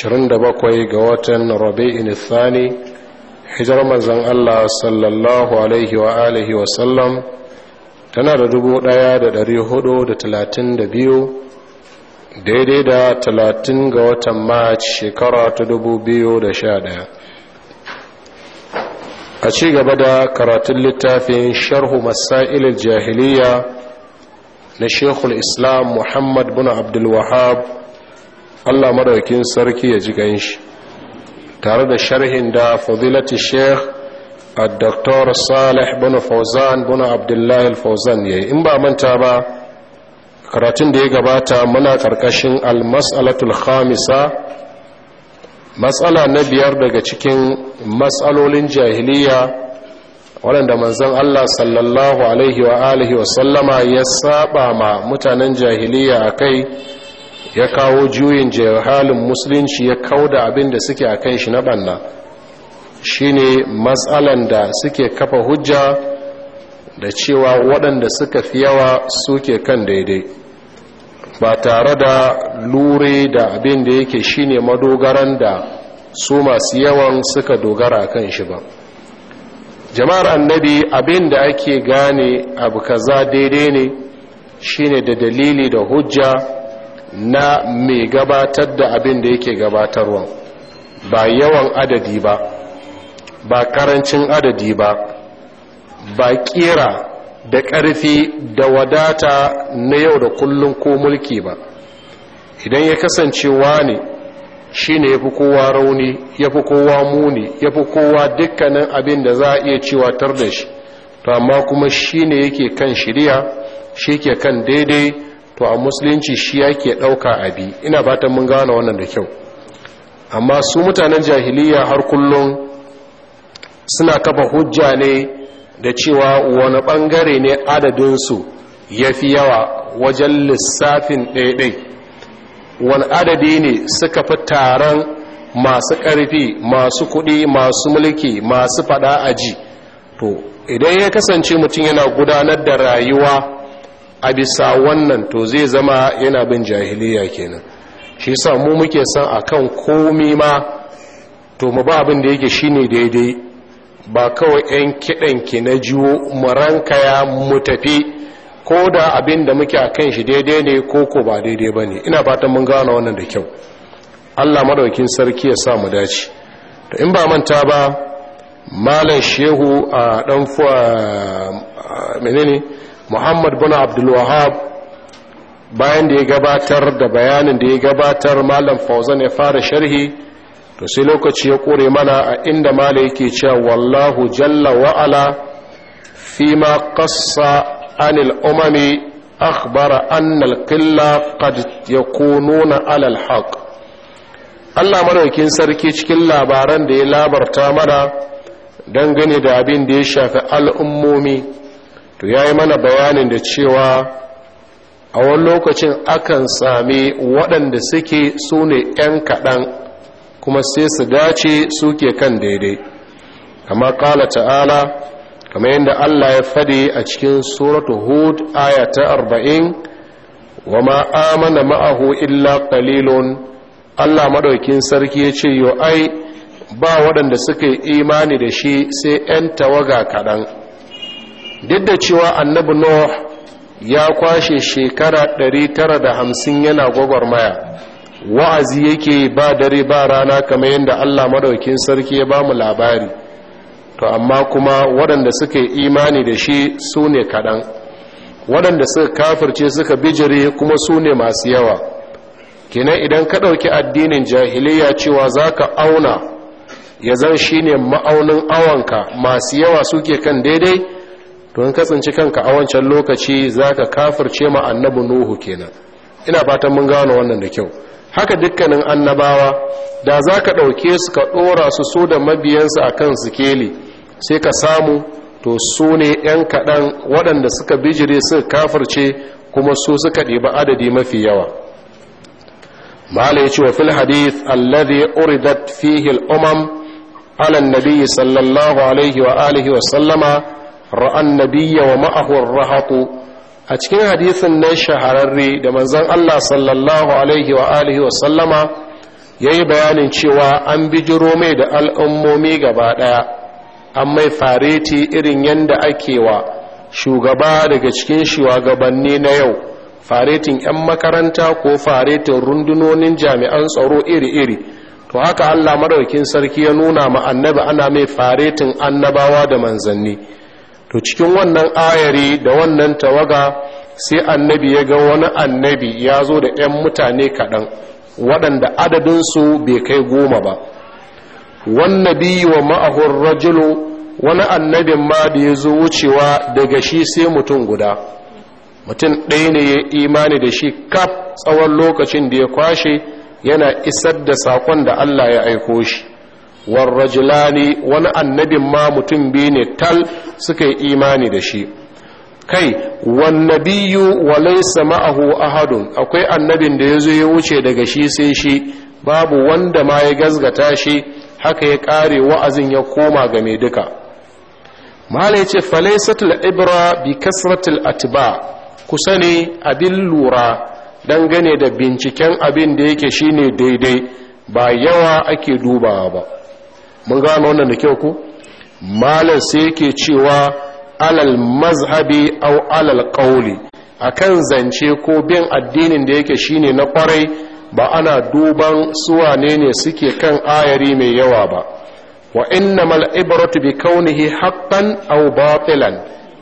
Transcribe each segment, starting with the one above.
27 ga watan rabi'in thani hijar manzon Allah sallallahu alaihi wa alihi wa sallam tana da 1432 daidai da 30 ga watan march shekara ta 2011 a ci gaba da karatun littafin sharhu masailil jahiliya na shekul islam muhammad bin abdul wahab Allah madaukin sarki ya ji shi. tare da sharhin da fadilati sheikh al-doktor Salih bin فوزان bin Abdullahi al الفوزان yayi in ba manta ba karatun da ya gabata muna karkashin al-mas'alatul khamisa matsala na biyar daga cikin matsalolin jahiliya waɗanda manzon Allah sallallahu alaihi wa alihi wa sallama ya saba ma mutanen jahiliya akai ya kawo juyin jahalin musulunci ya kauda abin da suke a kan shi na banna Shi ne matsalan da suke kafa hujja da cewa waɗanda suka fi yawa suke kan daidai ba tare da lure da abin da yake shine madogaran da su masu yawan suka dogara a kan shi ba jama'ar annabi abin da ake gane abu kaza daidai ne shine da dalili da hujja na mai gabatar da abin da yake gabatarwa ba yawan adadi ba ba karancin adadi ba ba kira da ƙarfi da wadata na yau da kullum ko mulki ba idan ya kasance wane shi ne ya fi kowa rauni ya fi kowa muni ya fi kowa dukkanin abin da za a iya cewa tar da shi to amma kuma shi ne yake kan shirya shi ke kan daidai to a musulunci shi yake ɗauka abi ina batan mun gane wannan da kyau amma su mutanen jahiliya har kullum suna kafa hujja ne da cewa wani bangare ne adadinsu ya fi yawa wajen lissafin ɗaiɗai wani adadi ne suka fi taron masu ƙarfi masu kuɗi masu mulki masu faɗa aji to idan ya kasance mutum yana gudanar da rayuwa a bisa wannan to zai zama yana bin jahiliya kenan shi sa mu muke san akan komi ma to mu ba abin da yake shine daidai ba kawai 'yan kiɗan ki na jiwo mu rankaya mu tafi ko da abin da muke a kan shi daidai ne ko ko ba daidai ba ne ina fatan mun gano wannan da kyau allah madaukin sarki ya sa mu dace to in ba manta ba malam shehu a ɗan fuwa menene muhammad bin abdulwahab bayan da ya gabatar da bayanin da ya gabatar malam fauzan ya fara sharhi to sai lokaci ya kore mana a inda mala yake cewa wallahu jalla wa'ala fi ma qassa anil umami akhbara anna al-qilla qad yakununa ala al-haq Allah madaukin sarki cikin labaran da ya labarta mana dangane da abin da ya shafi al'ummomi to ya yi mana bayanin da cewa a wani lokacin akan sami waɗanda suke su ne 'yan kaɗan kuma sai su dace suke kan daidai kama ƙala ta'ala kama yadda allah ya faɗi a cikin suratu hud aya arba'in wa ma'amana ma'ahu illa ƙalilun allah maɗaukin sarki ya ce yo ai ba waɗanda suka yi imani da shi sai 'yan tawaga kaɗan duk da cewa annabi nuh ya kwashe shekara 950 yana gwagwarmaya wa'azi yake ba dare ba rana kamar yadda Allah maɗaukin sarki ya bamu labari to amma kuma waɗanda suka yi imani da shi su ne kaɗan waɗanda suka kafirce suka bijire kuma su ne masu yawa kenan idan ka ɗauki addinin jahiliya cewa za ka auna ya zan shi ne ma'aunin awonka masu yawa suke kan daidai to in kasance kanka a wancan lokaci zaka kafirce ma annabi nuhu kenan ina fatan mun gano wannan da kyau haka dukkanin annabawa da zaka dauke su ka dora su su da mabiyansu a kan sikeli sai ka samu to su ne yan kaɗan waɗanda suka bijire suka kafirce kuma su suka ɗiba adadi mafi yawa mala ya ce wa fil hadith alladhi uridat fihi al-umam ala an-nabi sallallahu alaihi wa alihi wa sallama ra'an nabiyya wa ma’ahuwar rahatu a cikin hadisin na shahararri da manzan Allah sallallahu alaihi wa alihi wa sallama ya yi bayanin cewa an bijiro mai da al'ummomi gaba ɗaya an mai fareti irin yanda ake wa shugaba daga cikin shugabanni na yau faretin 'yan makaranta ko faretin rundunonin jami'an tsaro iri-iri to haka allah maraukin sarki ya nuna ma annabi ana mai faretin annabawa da manzanni to cikin wannan ayari da wannan tawaga sai annabi ya ga wani annabi ya zo da 'yan mutane kaɗan waɗanda adadinsu bai kai goma ba wannabi wa ma'ahun rajulu wani annabin ma da ya zo wucewa daga shi sai mutum guda mutum ɗaya ne ya imani da shi kaf tsawon lokacin da ya kwashe yana isar da saƙon da allah ya aiko shi warrajulani wani annabin ma mutum biyu ne tal suka yi imani da shi kai wannabiyu walaysa ma'ahu ahadun akwai annabin da ya zo ya wuce daga shi sai shi babu wanda ma ya gazgata shi haka ya kare wa'azin ya koma ga mai duka mala yace falaysatul ibra bi kasratil atba ku sani abin lura dangane da binciken abin da yake shine daidai ba yawa ake dubawa ba mun gano wannan da kyau ko malam sai yake cewa alal mazhabi au alal qauli akan zance ko bin addinin da yake shine na kwarai ba ana duban suwane ne suke kan ayari mai yawa ba wa innamal ibratu bi kaunihi haqqan aw batilan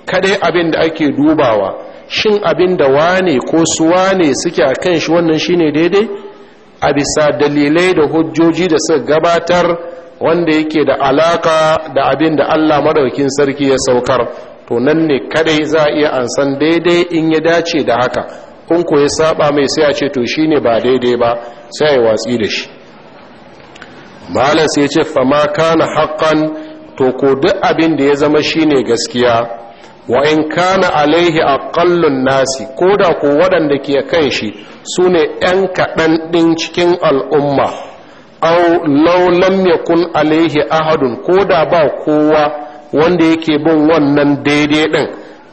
kadai abin da ake dubawa shin abin da wane ko ne suke akan shi wannan shine daidai a bisa dalilai da hujjoji da suka gabatar wanda yake da alaka da abin da Allah madaukin sarki ya saukar to nan ne kadai za a iya ansan daidai in ya dace da haka kun ko ya saba mai sai a ce to shine ba daidai ba sai ya watsi da shi malam sai ya ce fa ma kana haqqan to ko duk abin da ya zama shine gaskiya wa in kana alaihi aqallun nasi da ko waɗanda ke kan shi sune 'yan kaɗan ɗin cikin al'umma aw law lam yakun alaihi ahadun ko da ba kowa wanda yake bin wannan daidai din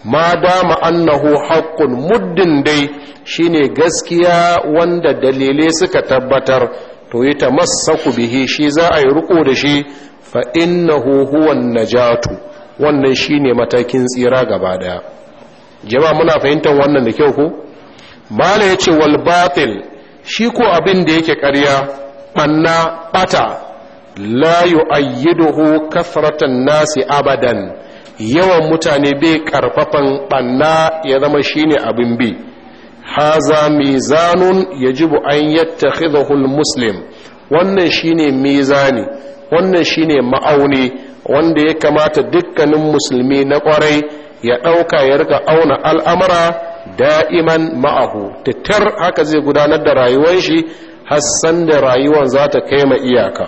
ma dama annahu haqqun muddin dai shine gaskiya wanda dalilai suka tabbatar to yi tamassaku bihi shi za a yi riko da shi fa innahu huwa najatu wannan shine matakin tsira gaba daya jama'a muna fahimtar wannan da kyau ko mala yace wal batil shi ko abin da yake ƙarya Banna ɓata la yu'ayyiduhu kasratan nasi abadan yawan mutane bai karfafan banna ya zama shine abin bi haza mizanun yajibu an yattakhidhuhu almuslim wannan shine mizani wannan shine ma'auni wanda ya kamata dukkanin musulmi na kwarai ya ɗauka ya rika auna al'amara da'iman ma'ahu tattar haka zai gudanar da rayuwar shi hassan da rayuwan za ta kai ma iyaka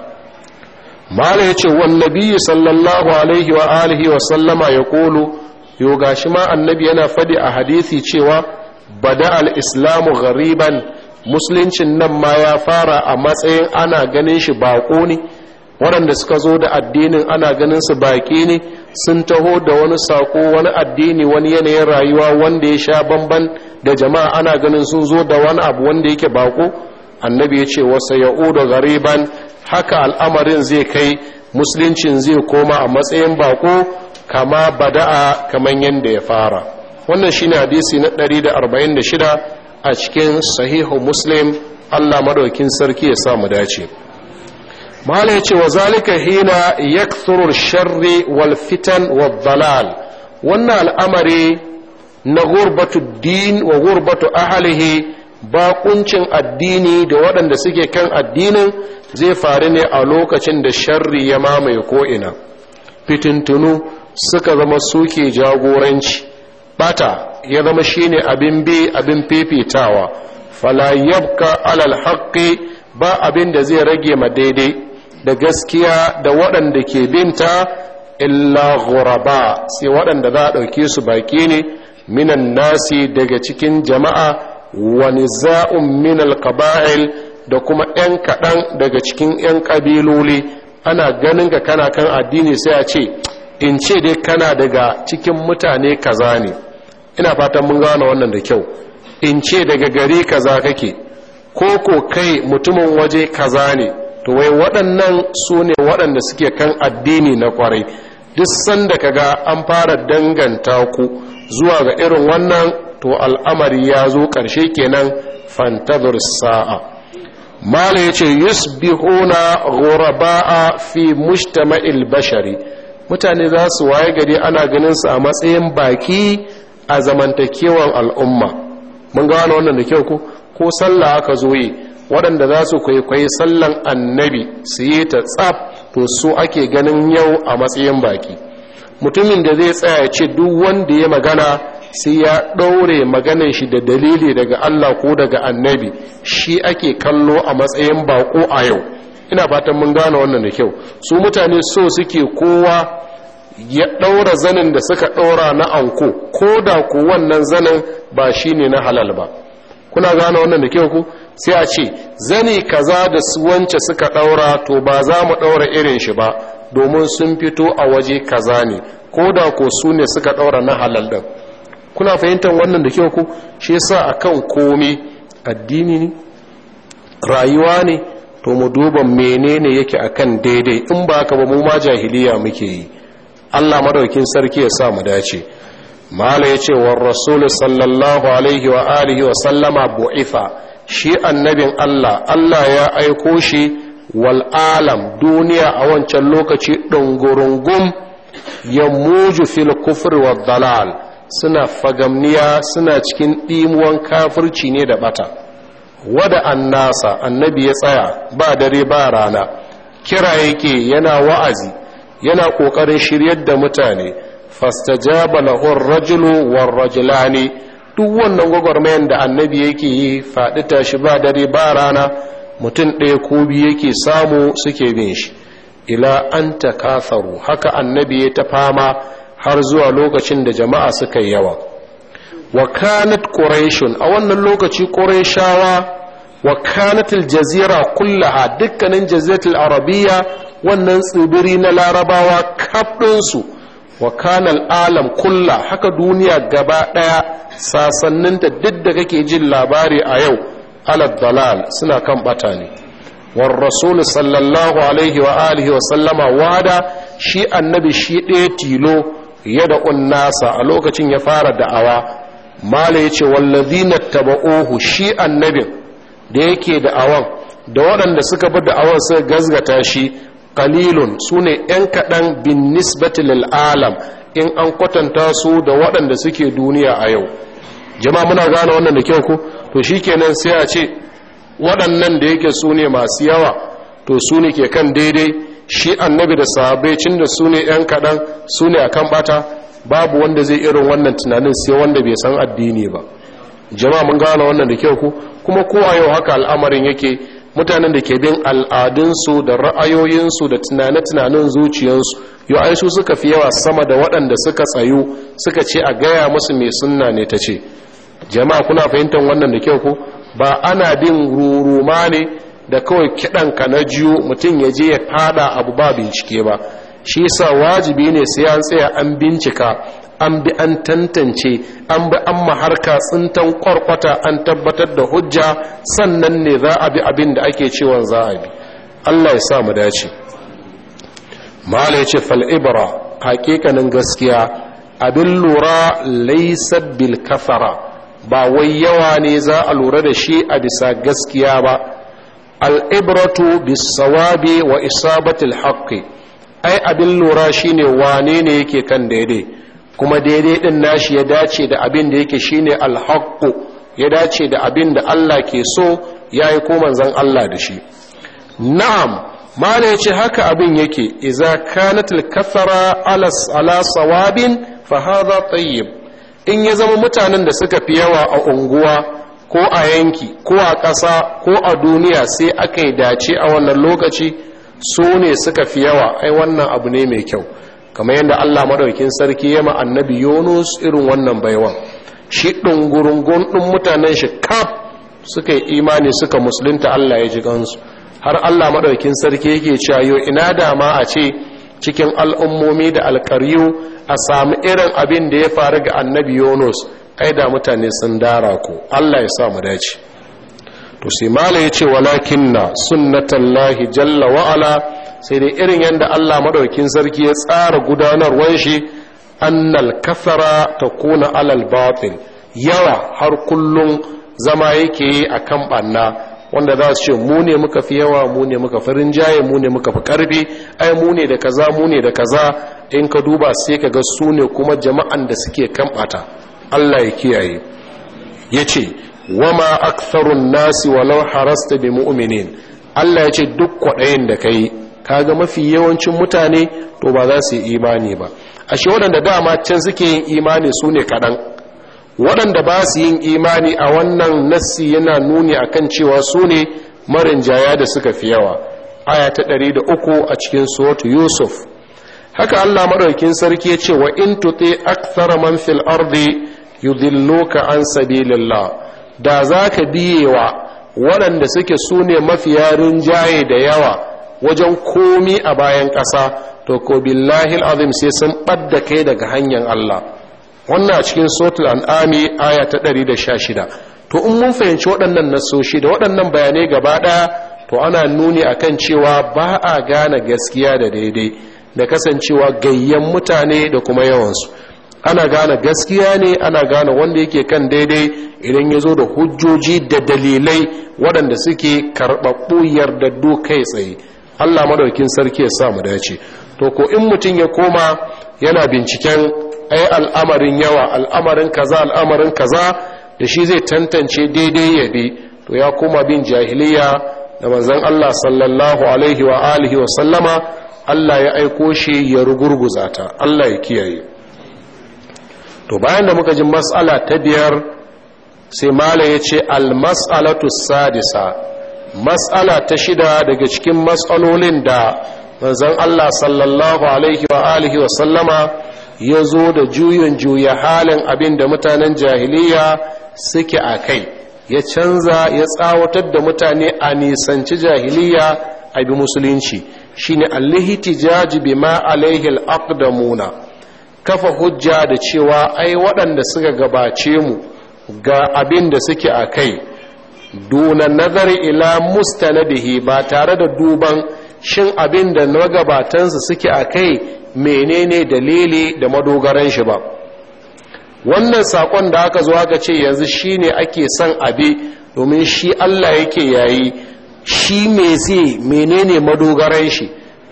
mala ya ce nabi sallallahu alaihi wa alihi wa sallama ya kolo yau gashi ma annabi yana fadi a hadithi cewa bada al-islamu gariban musuluncin nan ma ya fara a matsayin ana ganin shi bako ne waɗanda suka zo da addinin ana ganin su baƙi ne sun taho da wani sako wani addini wani yanayin rayuwa wanda ya sha bamban da jama'a ana ganin sun zo da wani abu wanda yake baƙo. annabi ya ce wasa ya'udu gariban haka al'amarin zai kai musuluncin zai koma a matsayin bako kama bada'a kamar yadda ya fara wannan shine hadisi na 146 a cikin sahihu muslim Allah madaukin sarki ya sa mu dace ya ce wa zalika hina yakthuru sharri wal fitan wa dalal wannan al'amari na gurbatu din wa gurbatu ahalihi bakuncin addini da waɗanda suke kan addinin zai faru ne a lokacin da sharri ya mamaye ko'ina fitintunu suka zama suke jagoranci bata ya zama shine abin bi abin fifitawa falayyabka, yabka alal haƙƙi ba abin da zai rage ma daidai da gaskiya da waɗanda ke binta illa ghuraba sai waɗanda za a ɗauke su baki ne minan nasi daga cikin jama'a wa niza'un min al-qaba'il da kuma yan kaɗan daga cikin yan kabiloli ana ganin ka kana kan addini sai a ce in ce dai kana daga cikin mutane kaza ne ina fatan mun gane wannan da kyau in ce daga gari kaza kake ko ko kai mutumin waje kaza ne to wai waɗannan su ne waɗanda suke kan addini na kwarai duk sanda ka ga an fara danganta ku zuwa ga irin wannan to al'amari ya zo ƙarshe kenan fantazir sa'a mala ya ce yusbihuna ghuraba'a fi mujtama'il bashari mutane za su waye gari ana ganin su a matsayin baki a zamantakewar al'umma mun gano wannan da kyau ko ko sallah aka zo yi waɗanda za su kwaikwayi sallan annabi su yi ta tsaf to su ake ganin yau a matsayin baki mutumin da zai tsaya ce duk wanda ya magana sai ya ɗaure maganin shi da dalili daga Allah ko daga annabi shi ake kallo a matsayin bako a yau ina fatan mun gane wannan da kyau su mutane so suke kowa ya ɗaura zanin da suka ɗaura na anko ko da ku wannan zanin ba shi ne na halal ba kuna gane wannan da kyau ku sai a ce zani kaza da wance suka ɗaura to ba za mu ɗaura irin shi ba domin sun fito a waje kaza ne ko da ko su ne suka ɗaura na halal ɗin kuna fahimtar wannan da kyau ku shi yasa akan komai addini ne rayuwa ne to mu duba menene yake akan daidai in ba ka ba mu ma jahiliya muke yi Allah madaukin sarki ya sa mu dace mala yace wa rasul sallallahu alaihi wa alihi wa sallama bu'ifa shi annabin Allah Allah ya aiko shi wal alam duniya a wancan lokaci dungurungum ya muju fil kufri wa dalal suna fagamniya suna cikin ɗimuwan kafirci ne da ɓata. wada annasa annabi ya tsaya ba dare ba rana kira yake yana wa'azi yana ƙoƙarin shiryar da mutane jaba lahur rajulu war rajulani duk wannan gwagwarmayan da annabi yake yi faɗi tashi ba dare ba rana mutum ɗaya ko biyu yake samu suke bin shi ila an takatharu haka annabi ya ta fama har zuwa lokacin da jama'a suka yawa wa kanat quraishun a wannan lokaci quraishawa wa kanat aljazira kullaha dukkanin jaziratul arabiyya wannan tsibiri na larabawa kafdin su wa alam kulla haka duniya gaba daya sasannin da duk da kake jin labari a yau alad dalal suna kan bata ne war rasul sallallahu alaihi wa alihi wa sallama wada shi annabi shi ɗaya tilo yada unnasa a lokacin ya fara da'awa mala ya ce wallazina ohu shi annabin da yake da'awan da waɗanda suka bi da'awan sai gazgata shi qalilun sune yan kaɗan bin nisbati lil alam in an kwatanta su da waɗanda suke duniya a yau jama'a muna gane wannan da kyau ko to shikenan sai a ce waɗannan da yake su ne masu yawa to su ne ke kan daidai shi annabi da sahabbai cin da su ne yan kaɗan su ne a kan ɓata babu wanda zai irin wannan tunanin sai wanda bai san addini ba jama'a mun gane wannan da kyau ku kuma a yau haka al'amarin yake mutanen da ke bin al'adunsu da ra'ayoyinsu da tunane-tunanen zuciyarsu yau ai su suka fi yawa sama da waɗanda suka tsayu suka ce a gaya musu mai sunna ne ta ce jama'a kuna fahimtar wannan da kyau ko ba ana bin ruruma ne da kawai kiɗanka na jiyo mutum ya je ya fada abu ba bincike ba shi sa wajibi ne sai an tsaya an bincika an bi an tantance an bi an maharka tsintan kwarkwata an tabbatar da hujja sannan ne za a bi abin da ake cewa za a bi allah ya sa mu dace mala ya ce fal'ibra hakikanin gaskiya abin lura laisar bil kafara ba wai yawa ne za a lura da shi a bisa gaskiya ba al'ibratu bisawabi wa isabatil haqqi ai abin lura shine wane ne yake kan daidai kuma daidai ɗin nashi ya dace da abin da yake shine alhaqqu ya dace da abin da Allah ke so yayi ko manzon Allah da shi na'am mala yace haka abin yake Iza kanatil kathara ala ala sawabin fa hadha in ya zama mutanen da suka fi yawa a unguwa ko a yanki ko a ƙasa ko a duniya sai aka yi dace a wannan lokaci su ne suka fi yawa ai wannan abu ne mai kyau kamar yadda allah maɗaukin sarki ya ma annabi yunus irin wannan baiwan shi ɗungurungun ɗin mutanen shi kaf suka yi imani suka musulunta allah ya ji gansu har allah maɗaukin sarki yake cewa yau ina dama a ce cikin al'ummomi da alƙaryu a sami irin abin da ya faru ga annabi yunus Kaida mutane sun dara ku Allah ya sa mu dace to sai mala yace walakinna sunnatullahi jalla wa ala sai dai irin yanda Allah madaukin sarki ya tsara gudanarwar shi annal kasara takuna alal batil yawa har kullum zama yake yi akan banna wanda za su ce mu ne muka fi yawa mu ne muka fi rinjaye mu ne muka fi karfi ai mu ne da kaza mu ne da kaza in ka duba sai ka ga su ne kuma jama'an da suke kan Allah ya kiyaye yace wama aktharun nasi walau harasta bi mu'minin Allah yace duk kwaɗayin da kai kaga mafi yawancin mutane to ba za su yi imani ba ashe waɗanda dama can suke yin imani su ne kaɗan waɗanda ba su yin imani a wannan nassi yana nuni akan cewa su ne marinjaya da suka fi yawa aya ta ɗari da uku a cikin suratu yusuf haka allah maɗaukin sarki ya ce wa in tuti akthara man fil ardi yudilluka an sabilillah da zaka biyewa waɗanda suke sune mafiya rinjaye da yawa wajen komi a bayan ƙasa to ko billahi alazim sai sun ɓadda kai daga hanyar Allah wannan a cikin sotul an'ami aya ta 116 to in mun fahimci waɗannan nasoshi da waɗannan bayanai gaba ɗaya to ana nuni akan cewa ba a gane gaskiya da daidai da kasancewa gayyan mutane da kuma yawansu ana gane gaskiya ne ana gane wanda yake kan daidai idan ya zo da hujjoji da dalilai waɗanda suke karɓaɓɓu yardaddu kai tsaye allah maɗaukin sarki ya sa dace to ko in mutum ya koma yana binciken ai al'amarin yawa al'amarin kaza al'amarin kaza da shi zai tantance daidai ya bi to ya koma bin jahiliya da manzon allah sallallahu alaihi wa alihi wa sallama allah ya aiko shi ya rugurguza ta allah ya kiyaye to bayan da muka ji matsala ta biyar sai mala ya ce almas'alatu sadisa matsala ta shida daga cikin matsalolin da manzon Allah sallallahu alaihi wa alihi wa sallama ya zo da juyin juya halin abin da mutanen jahiliya suke a kai ya canza ya tsawatar da mutane a nisanci jahiliya a bi musulunci shine allihiti jaji bima alaihi al'aqdamuna kafa hujja da cewa ai waɗanda suka gabace mu ga abin da suke a kai duna nazari ila mustanadihi ba tare da duban shin abin da magabatansu suke a kai menene dalili da madogaran shi ba wannan sakon da aka zo aka ce yanzu shine ake son abi domin shi Allah yake yayi shi me zai menene madogaran shi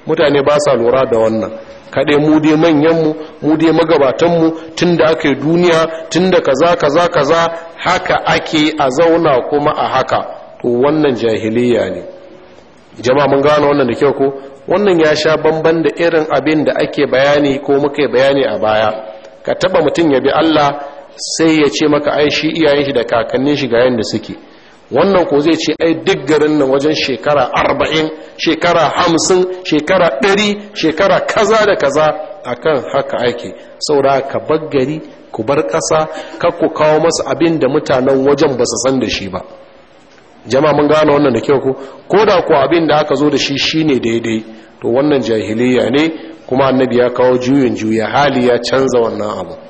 mutane ba sa lura da wannan kaɗai mu dai manyan mu mu dai magabatan mu tunda aka duniya tunda kaza kaza kaza haka ake a zauna kuma a haka to wannan jahiliya ne jama'a mun gano wannan da kyau ko wannan ya sha bamban da irin abin da ake bayani ko muka bayani a baya ka taba mutum ya bi Allah sai ya ce maka ai shi iyayen shi da kakannin shi ga yanda suke wannan ko zai ce ai duk garin nan wajen shekara arba'in shekara hamsin shekara ɗari shekara kaza da kaza akan haka ake saboda ka bar gari ku bar ƙasa kar ku kawo masa abin da mutanen wajen ba su san da shi ba jama'a mun gano wannan da kyau ko ko da ku abin da aka zo da shi shine daidai to wannan jahiliya ne kuma annabi ya kawo juyin juya hali ya canza wannan abu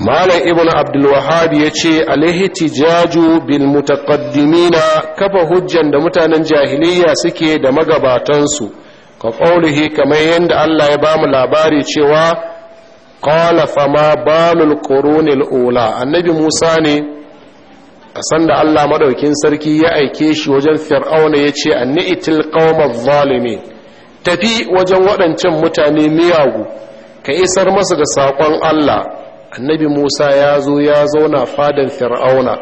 malam ibn abdulwahab ya ce alhihtijaju bil mutaqaddimina kafa hujjan da mutanen jahiliya suke da magabatansu ka qaulihi kamar yadda Allah ya bamu labari cewa qala fama balul qurunil ula annabi Musa ne a sanda Allah maɗaukin sarki ya aike shi wajen fir'auna ya ce anni'til qaumaz zalimin tafi wajen waɗancan mutane miyagu ka isar masa da saƙon Allah annabi musa ya zo ya zauna fadan fir'auna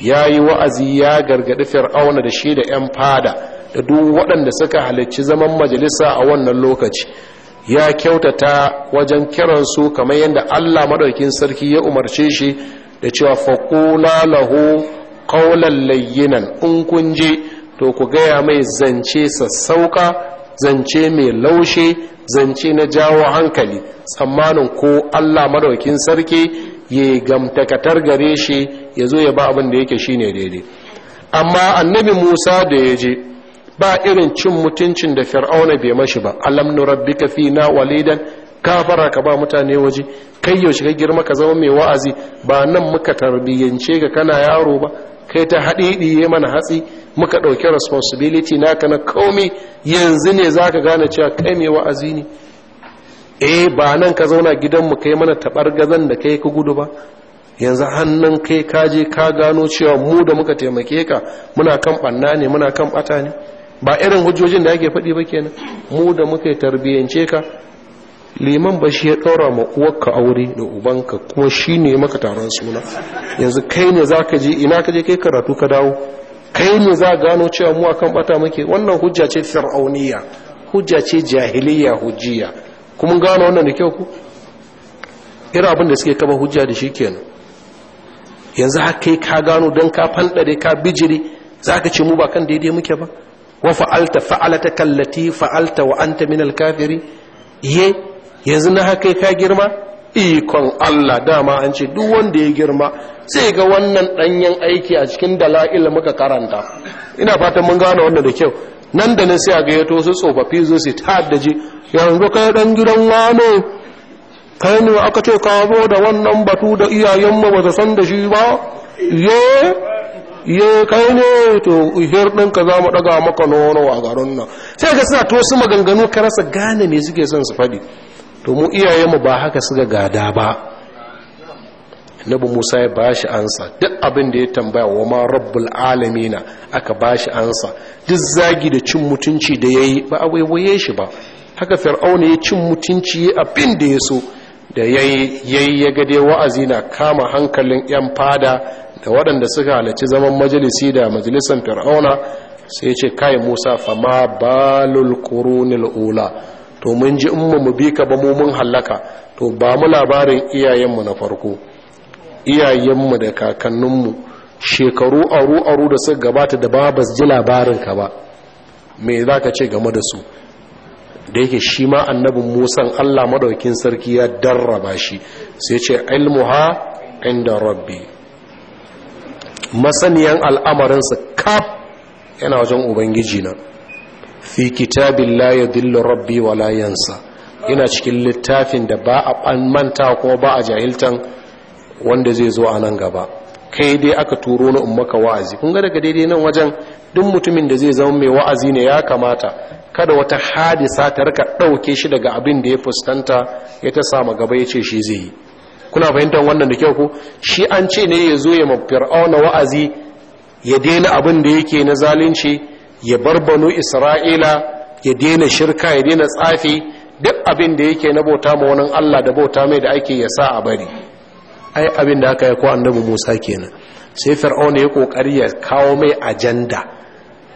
ya yi wa'azi ya gargadi fir'auna da shi da 'yan fada da duk waɗanda suka halicci zaman majalisa a wannan lokaci ya kyautata wajen kiransu kamar yadda allah maɗaukin sarki ya umarce shi da cewa faƙula lahu ƙaunar layyinan in kun je to ku gaya mai zance sassauka zance mai laushe zance na jawo hankali tsammanin ko allah madaukin sarki ya gamtakatar gare shi ya zo ya ba abin da yake shine daidai amma annabi musa da ya je ba irin cin mutuncin da fir'auna bai mashi ba alam fi na walidan ka fara ka ba mutane waje kai yaushe ka girma ka zama mai wa'azi ba nan muka tarbiyyance ka kana yaro ba kai ta haɗe ɗiye mana hatsi muka ɗauki responsibility naka na komi yanzu ne za ka gane cewa kai mai wa'azi ne eh ba nan ka zauna gidanmu kai mana taɓar gazan da kai ka gudu ba yanzu hannun kai kaje ka gano cewa mu da muka taimake ka muna kan ɓanna ne muna kan ɓata ne ba irin hujjojin da ake faɗi ba kenan mu da muka tarbiyyance ka liman ba shi ya ɗaura ma uwarka aure da ubanka kuma shi ne maka taron suna yanzu kai ne za ka je ina ka je kai karatu ka dawo kai ne za gano cewa mu akan bata muke wannan hujja ce fir'auniya hujja ce jahiliya hujjiya kuma gano wannan da kyau ku irin abin da suke kaba hujja da shi kenan yanzu har kai ka gano don ka fanɗare ka bijiri za ka ce mu ba kan daidai muke ba wa fa'alta fa'alata kallati fa'alta wa anta min alkafiri ye yanzu na haka ka girma ikon Allah dama an ce duk wanda ya girma sai ga wannan danyen aiki a cikin dala'il muka karanta ina fatan mun gane wannan da kyau nan da nan sai a gayyato su tsofaffi zo su taddaji yanzu kai dan gidan wano kai ne aka ce ka zo da wannan batu da iyayenmu ba san da shi ba ye ye kai ne to ihir ɗinka za mu ɗaga maka nono a garin nan sai ga suna to su maganganu ka rasa gane me suke son su faɗi to mu mu ba haka suka gada ba annabi Musa ya ba shi ansa duk abin da ya tambaya wa ma rabbul alamina aka bashi ansa duk zagi da cin mutunci da yayi ba a waiwaye shi ba haka fir'auna ya cin mutunci abin da ya so da yayi ya ga wa'azi na kama hankalin yan fada da waɗanda suka halarci zaman majalisi da majalisan fir'auna sai ya ce kai Musa fama balul qurunil ula to mun ji in mu bi ka ba mu mun hallaka to ba mu labarin iyayenmu na farko iyayenmu da kakanninmu shekaru aru aru da suka gabata da ba ba ji labarin ka ba me za ka ce game da su da yake shi ma annabin musan allah madaukin sarki ya darraba shi sai ce ilmuha inda rabbi masaniyan al'amarinsa kaf yana wajen ubangiji na fi kitabin la ya dillo rabbi wa la yansa yana cikin littafin da ba a manta kuma ba a jahiltan wanda zai zo a nan gaba kai dai aka turo na ummaka wa'azi kun ga daga daidai nan wajen duk mutumin da zai zama mai wa'azi ne ya kamata kada wata hadisa ta rika ɗauke shi daga abin da ya fuskanta ya ta sama gaba ya ce shi zai yi kuna fahimtar wannan da kyau ko shi an ce ne ya zo ya ma fir'auna wa'azi ya daina abin da yake na zalunci ya bar banu isra'ila ya daina shirka ya daina tsafi duk abin da yake na bauta ma wani allah da bauta mai da ake ya sa a bari ai abin da aka yi ko annabi musa kenan sai fir'aun ya kokari ya kawo mai ajanda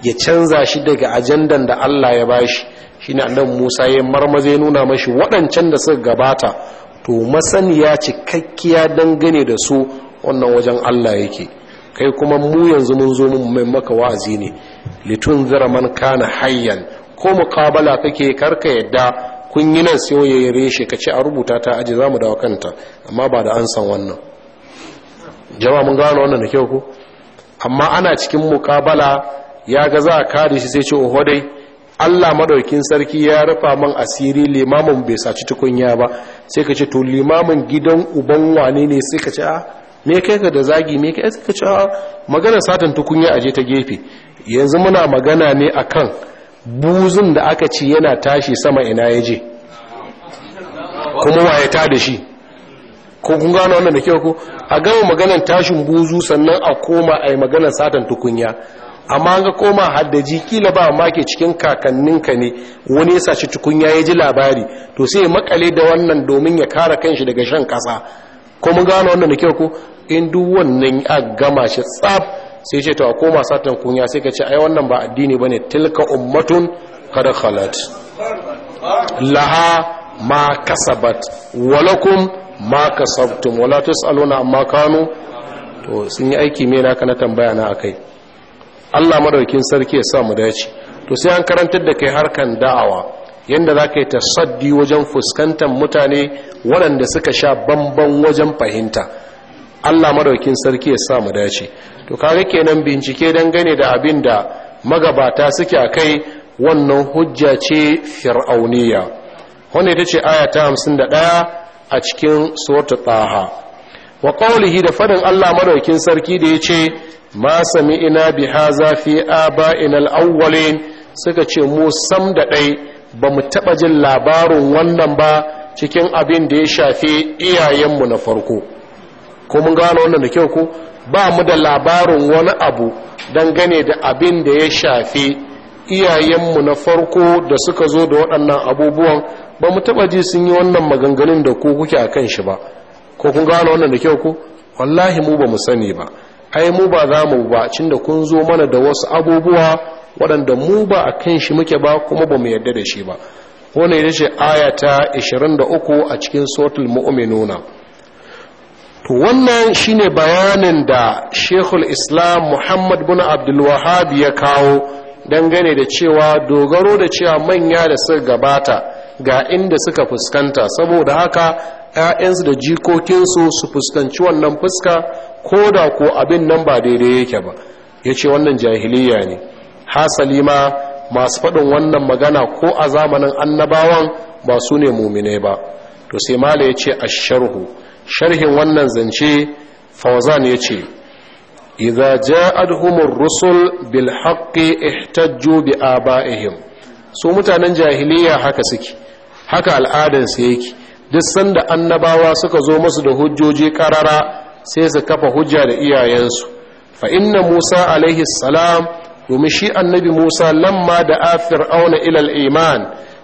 ya canza shi daga ajandan da allah ya bashi shine annabi musa ya marmaze ya nuna mashi waɗancan da suka gabata to masaniya cikakkiya dangane da su wannan wajen allah yake kai kuma mu yanzu mun zo mun mai maka wa'azi ne litun zira man kana hayyan ko muƙabala kake karka yadda kun yi nan sai ya reshe ka a rubuta ta aje zamu dawo kanta amma ba da an san wannan jama'a mun gano wannan da kyau ko amma ana cikin muƙabala ya ga za a kare shi sai ce oho dai Allah madaukin sarki ya rufa man asiri limamin bai saci tukunya ba sai kace to limamin gidan uban wane ne sai ka a me kai ka da zagi me kai sai ka ce a magana satan tukunya aje ta gefe yanzu muna magana ne akan buzun da aka ci yana tashi sama ina ya je kuma waye ta da shi ko kun gano wannan da kyau ko a gama maganar tashin buzu sannan a koma a yi maganar satan tukunya amma ga koma haddaji kila ba ma ke cikin kakanninka ne wani ya saci tukunya ya ji labari to sai ya makale da wannan domin ya kara kanshi daga shan kasa ko mun gano wannan da kyau ko in duk wannan a gama shi tsab sai ce ta koma satan kunya sai ka ce ai wannan ba addini bane tilka ummatun kada khalat laha ma kasabat walakum ma kasabtum wala tusaluna amma kanu to sun yi aiki me na na tambaya na akai Allah madaukin sarki ya sa mu dace to sai an karantar da kai harkan da'awa yanda za ka yi tasaddi wajen fuskantar mutane waɗanda suka sha bamban wajen fahimta Allah madaukin sarki ya sa mu dace to kaga kenan bincike dangane da abin da magabata suke akai wannan hujja ce fir'auniya hone ita ce aya ta 51 a cikin suratul taha wa qawlihi da fadin Allah madaukin sarki da yace ma sami'ina bihaza fi aba'ina al-awwalin suka ce mu sam da dai bamu mu taɓa jin labarin wannan ba cikin abin da ya shafe iyayenmu na farko ko mun gano wannan da kyau ko ba mu da labarin wani abu dangane da abin da ya shafi iyayenmu na farko da suka zo da waɗannan abubuwan ba mu taɓa ji sun yi wannan maganganun da ku kuke a kan shi ba ko kun gano wannan da kyau ko wallahi mu ba mu sani ba ai mu ba za mu ba cin da kun zo mana da wasu abubuwa waɗanda mu ba a kan shi muke ba kuma ba mu yarda da shi ba wannan ita ce aya ta 23 a cikin suratul mu'minuna to wannan shine bayanin da shekul islam muhammad bin abdulwahab ya kawo dangane da cewa dogaro da cewa manya da suka gabata ga inda suka fuskanta saboda haka 'ya'yansu da jikokinsu su fuskanci wannan fuska ko da ko abin nan ba daidai yake ba ya ce wannan jahiliya ne hasali ma masu faɗin wannan magana ko a zamanin annabawan ba su ne mumine ba to sai mala ya ce a sharhu. sharhin wannan zance fawzan ya ce iza ja'adhumur rusul bil haqqi ihtajju bi aba'ihim su mutanen jahiliya haka suke haka al'adar su yake duk sanda annabawa suka zo musu da hujjoji karara sai su kafa hujja da iyayensu fa inna musa alaihi salam domin shi annabi musa lamma da a fir'auna ilal iman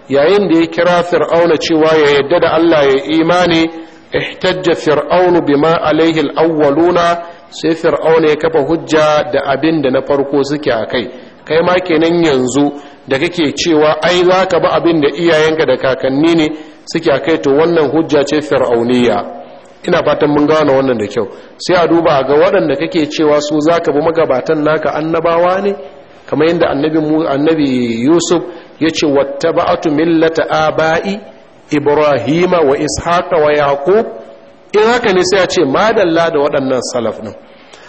yayin da ya kira fir'auna cewa ya yadda da allah ya imani ihtajja fir'aunu bima alaihi al sai fir'auna ya kafa hujja da abin da na farko suke a kai kai ma kenan yanzu da kake cewa ai za ka ba abin da iyayenka da kakanni ne suke a kai to wannan hujja ce fir'auniya ina fatan mun gane wannan da kyau sai a duba ga waɗanda kake cewa su za ka bi magabatan naka annabawa ne kamar yadda annabi yusuf ya ce wattaba'atu millata aba'i ibrahima wa ishaqa wa yaqub in haka ne sai a ce madalla da waɗannan salaf din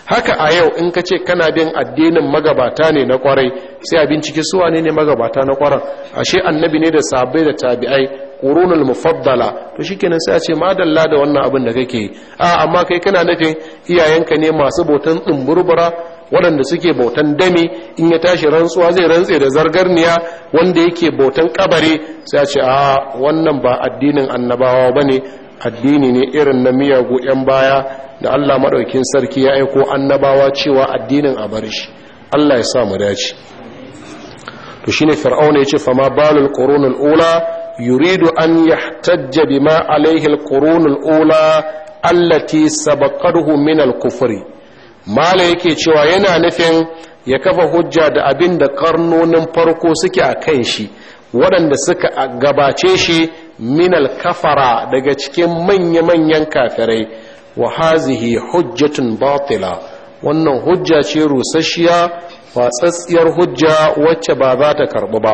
haka a yau in ka ce kana bin addinin magabata ne na kwarai sai a bincike su wane ne magabata na kwarai ashe annabi ne da sahabbai da tabi'ai qurunul mufaddala to shikenan sai a ce madalla da wannan abin da kake a amma kai kana nufin iyayenka ne masu botan tsumburbura waɗanda suke bautan dami in ya tashi rantsuwa zai rantse da zargarniya wanda yake bautan kabare sai a ce a wannan ba addinin annabawa ba ne addini ne irin na miyagu 'yan baya da allah maɗaukin sarki ya aiko annabawa cewa addinin a bar shi allah ya sa mu dace to shi ne fir'auna ya ce fama balul ƙorunul ula yuridu an yahtajja ma alaihi al qurunul ula allati sabakarhu min al kufri mala yake cewa yana nufin ya kafa hujja da abin da karnonin farko suke a kan shi waɗanda suka gabace shi minal kafara daga cikin manya-manyan kafirai wa hazihi hujjatun batila wannan hujja ce rusasshiya watsatsiyar hujja wacce ba za ta karɓi ba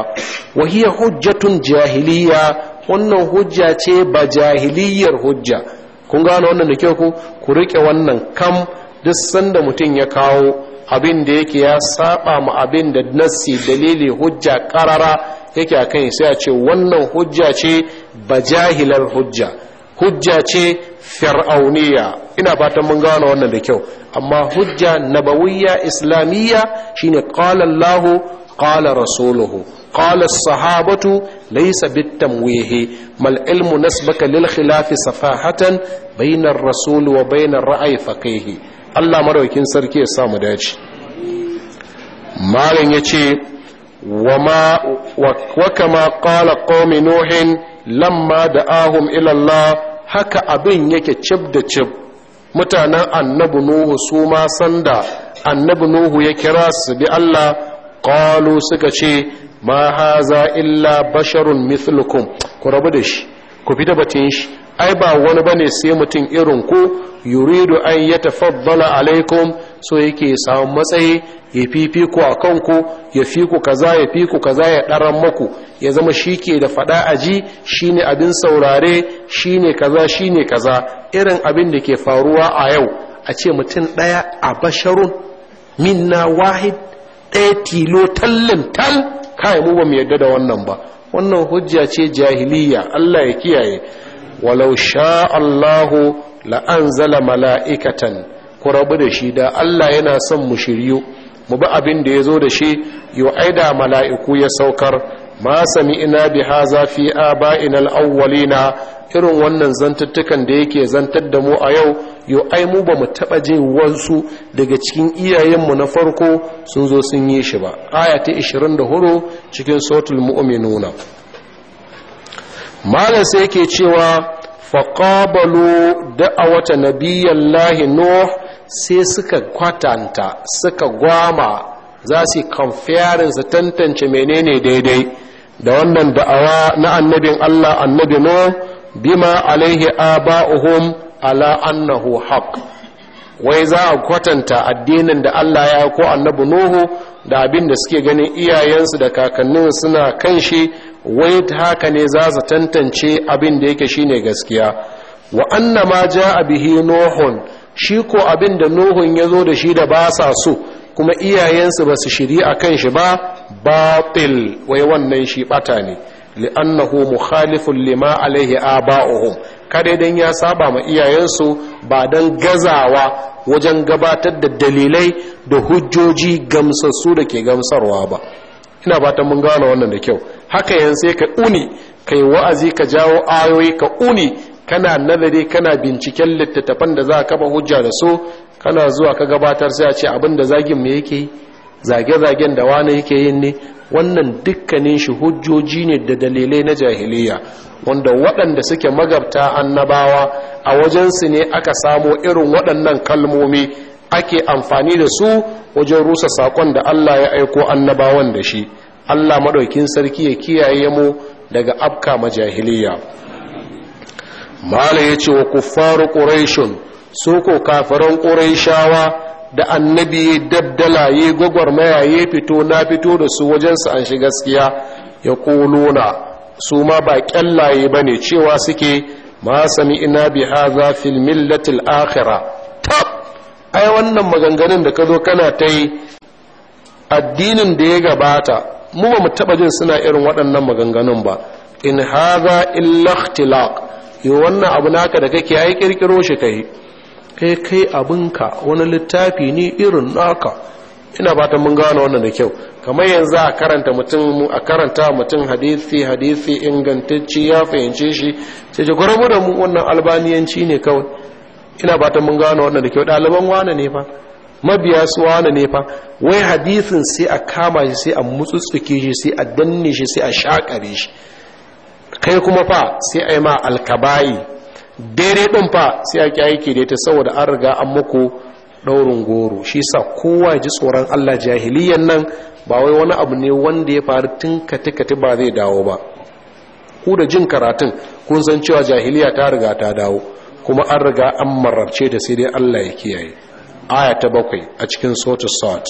wahiya hujjatun jahiliya wannan hujja ce ba jahiliyar hujja kun gano wannan da kyau ku ku riƙe wannan kam duk sanda mutum ya kawo abin da yake ya saba ma abin da nassi dalili hujja karara yake a kan sai a ce wannan hujja ce bajahilar hujja hujja ce fir'auniya ina fatan mun gano wannan da kyau amma hujja nabawiyya islamiyya shine qala Allah qala rasuluhu qala sahabatu laysa bitamwihi mal ilmu nasbaka lil khilafi safahatan bainar rasul wa bainar ra'ayi faqihi Allah maraukin sarki ya samu dace malam ya ce wa kama kala qaumi nuhin lamma da ahun ilallah haka abin yake cib da cib mutanen annabi nuhu su ma sanda annabi nuhu ya kira su bi Allah Kalu suka ce ma haza illa basharun mithlukum ku rabu da shi ku fi da batin shi ai ba wani bane sai mutum irin ku yuridu an ya tafaddala alaikum so yake samun matsayi ya fifi ku a kanku ya fi ku kaza ya fi ku kaza ya ɗaran maku ya zama shi ke da faɗa aji shi ne abin saurare shi ne kaza shi ne kaza irin abin da ke faruwa a yau a ce mutum ɗaya a basharun minna wahid ɗaya tilo tallin tal kai mu ba mu yarda da wannan ba wannan hujja ce jahiliya Allah ya kiyaye walau sha Allahu la'anzala mala'ikatan ku rabu da shi da Allah yana son mu shiryu mu bi abin da ya zo da shi wa aida mala'iku ya saukar ma sami ina bi haza fi aba'inal awwalina irin wannan zantattukan da yake zantar da mu a yau yo ai mu ba mu taɓa jin wansu daga cikin iyayenmu na farko sun zo sun yi shi ba aya ta 24 cikin sautul mu'minuna malam sai yake cewa faƙabalo da'awata nabiyan lahi nuh sai suka kwatanta suka gwama za su kamfiyarin su tantance menene daidai da wannan da'awa na annabin allah annabi bima alaihi aba'uhum ala annahu haq wai za a kwatanta addinin da allah ya ko annabi nuhu da abin da suke ganin iyayensu da kakannin suna kanshi shi wai haka ne za su tantance abin da yake shine gaskiya wa anna ma a bihi nuhun shi ko abin da nuhun ya zo da shi da ba sa so kuma iyayensu ba su shiri a kan shi ba batil wai wannan shi bata ne li'annahu mukhalifun lima alaihi aba'uhum kada dan ya saba ma iyayensu ba dan gazawa wajen gabatar da dalilai da hujjoji gamsassu da ke gamsarwa ba ina ta mun gane wannan da kyau haka yanzu sai ka uni kai wa'azi ka jawo ayoyi ka uni kana nazari kana binciken littattafan da za ka kafa hujja da so kana zuwa ka gabatar sai a ce abin da zagin me yake zage-zagen da wani yake yin ne wannan dukkanin shi hujjoji ne da dalilai na jahiliya wanda waɗanda suke magabta annabawa a wajensu ne aka samo irin waɗannan kalmomi ake amfani da su wajen rusa saƙon da Allah ya aiko annabawan da shi Allah maɗaukin sarki ya kiyaye mu daga afka majahiliya mala ce wa kuffaru quraishun su ko kafiran quraishawa da annabi dabdala ya gwagwarmaya ya fito na fito da su wajensu an shi gaskiya ya kuluna su ma ba kyallaye ba ne cewa suke ma sami ina bi haza fil millatil akhira tab ai wannan maganganun da ka zo kana ta yi addinin da ya gabata mu ba mu taba jin suna irin waɗannan maganganun ba in haza illa ikhtilaq Yo, wannan abu naka da kake yayi kirkiro shi kai kai kai abinka wani littafi ne irin naka ina fatan mun gane wannan da kyau kamar yanzu a karanta mutum a karanta mutum hadisi hadisi ingantacci ya fahimce shi sai ji gurbu da mu wannan albaniyanci ne kawai ina fatan mun gane wannan da kyau Daliban wane ne fa mabiya su wane ne fa wai hadisin sai a kama shi sai a mutsutsuke shi sai a danne shi sai a shakare shi kai kuma fa sai a yi ma alkabayi daidai ɗin fa sai a kyayi ke ta saboda an riga an muku ɗaurin goro shi sa kowa ji tsoron allah jahiliyan nan ba wai wani abu ne wanda ya faru tun kati ba zai dawo ba ku da jin karatun kun san cewa jahiliya ta riga ta dawo kuma an riga an mararce da sai dai allah ya kiyaye aya ta bakwai a cikin sotus sot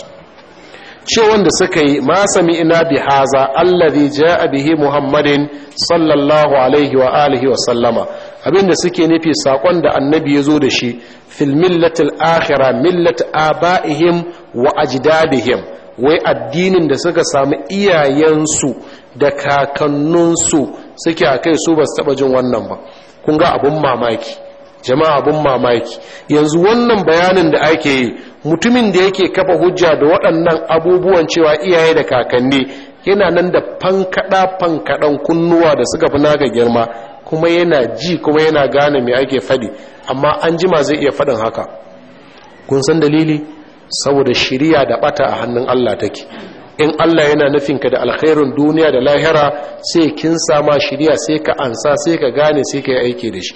ce wanda suka yi ma sami ina bi haza allazi ja'a bihi muhammadin sallallahu alaihi wa alihi wa sallama abinda suke nufi sakon da annabi ya zo da shi fil millatil akhira, millat abaihim wa ajdadihim wai addinin da suka samu iyayensu da kakanninsu suke a kai su basu su taba jin wannan ba kun ga abun mamaki jama'a abin mamaki yanzu wannan bayanin da ake yi mutumin da yake kafa hujja da waɗannan abubuwan cewa iyaye da kakanni yana nan da fankaɗa fankaɗan kunnuwa da suka fi naga girma kuma yana ji kuma yana gane mai ake faɗi amma an ma zai iya faɗin haka kun san dalili saboda shirya da ɓata a hannun allah take in Allah yana nufin ka da alkhairin duniya da lahira sai kin sama shirya sai ka ansa sai ka gane sai ka yi aiki da shi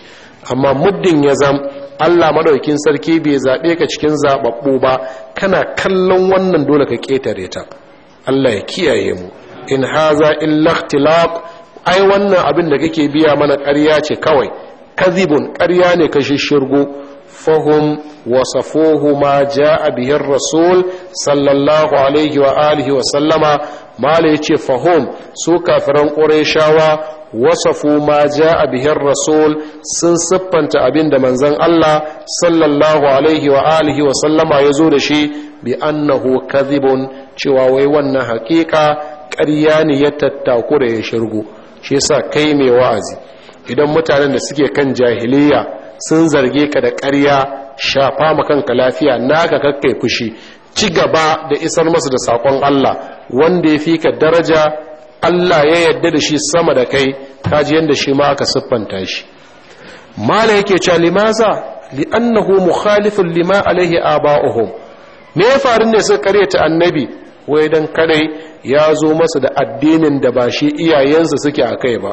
amma muddin ya zam Allah madaukin sarki bai zaɓe ka cikin zaɓaɓɓu ba kana kallon wannan dole ka ƙetare ta Allah ya kiyaye mu in haza illa ikhtilaq ai wannan abin da kake biya mana ƙarya ce kawai kadhibun ƙarya ne ka shishirgo فهم وصفوه ما جاء به الرسول صلى الله عليه وآله وسلم ما ليتي فهم سو كافران قريشاوا وصفوا ما جاء به الرسول سن سبنت أبين منزن الله صلى الله عليه وآله وسلم يزول شي بأنه كذب شواوي ونا حقيقة ƙarya ya tattakura ya shirgo shi yasa kai mai wa'azi idan mutanen da suke kan jahiliya sun zarge ka da karya shafa ma kanka lafiya naka kakkai fushi ci gaba da isar masu da sakon Allah wanda ya fi ka daraja Allah ya yadda da shi sama da kai kaji yadda shi ma aka siffanta shi mala yake cewa limaza li'annahu mukhalifun lima alaihi aba'uhum me ya faru ne suka ta annabi wai dan kadai ya zo masa da addinin da ba shi iyayensa suke a kai ba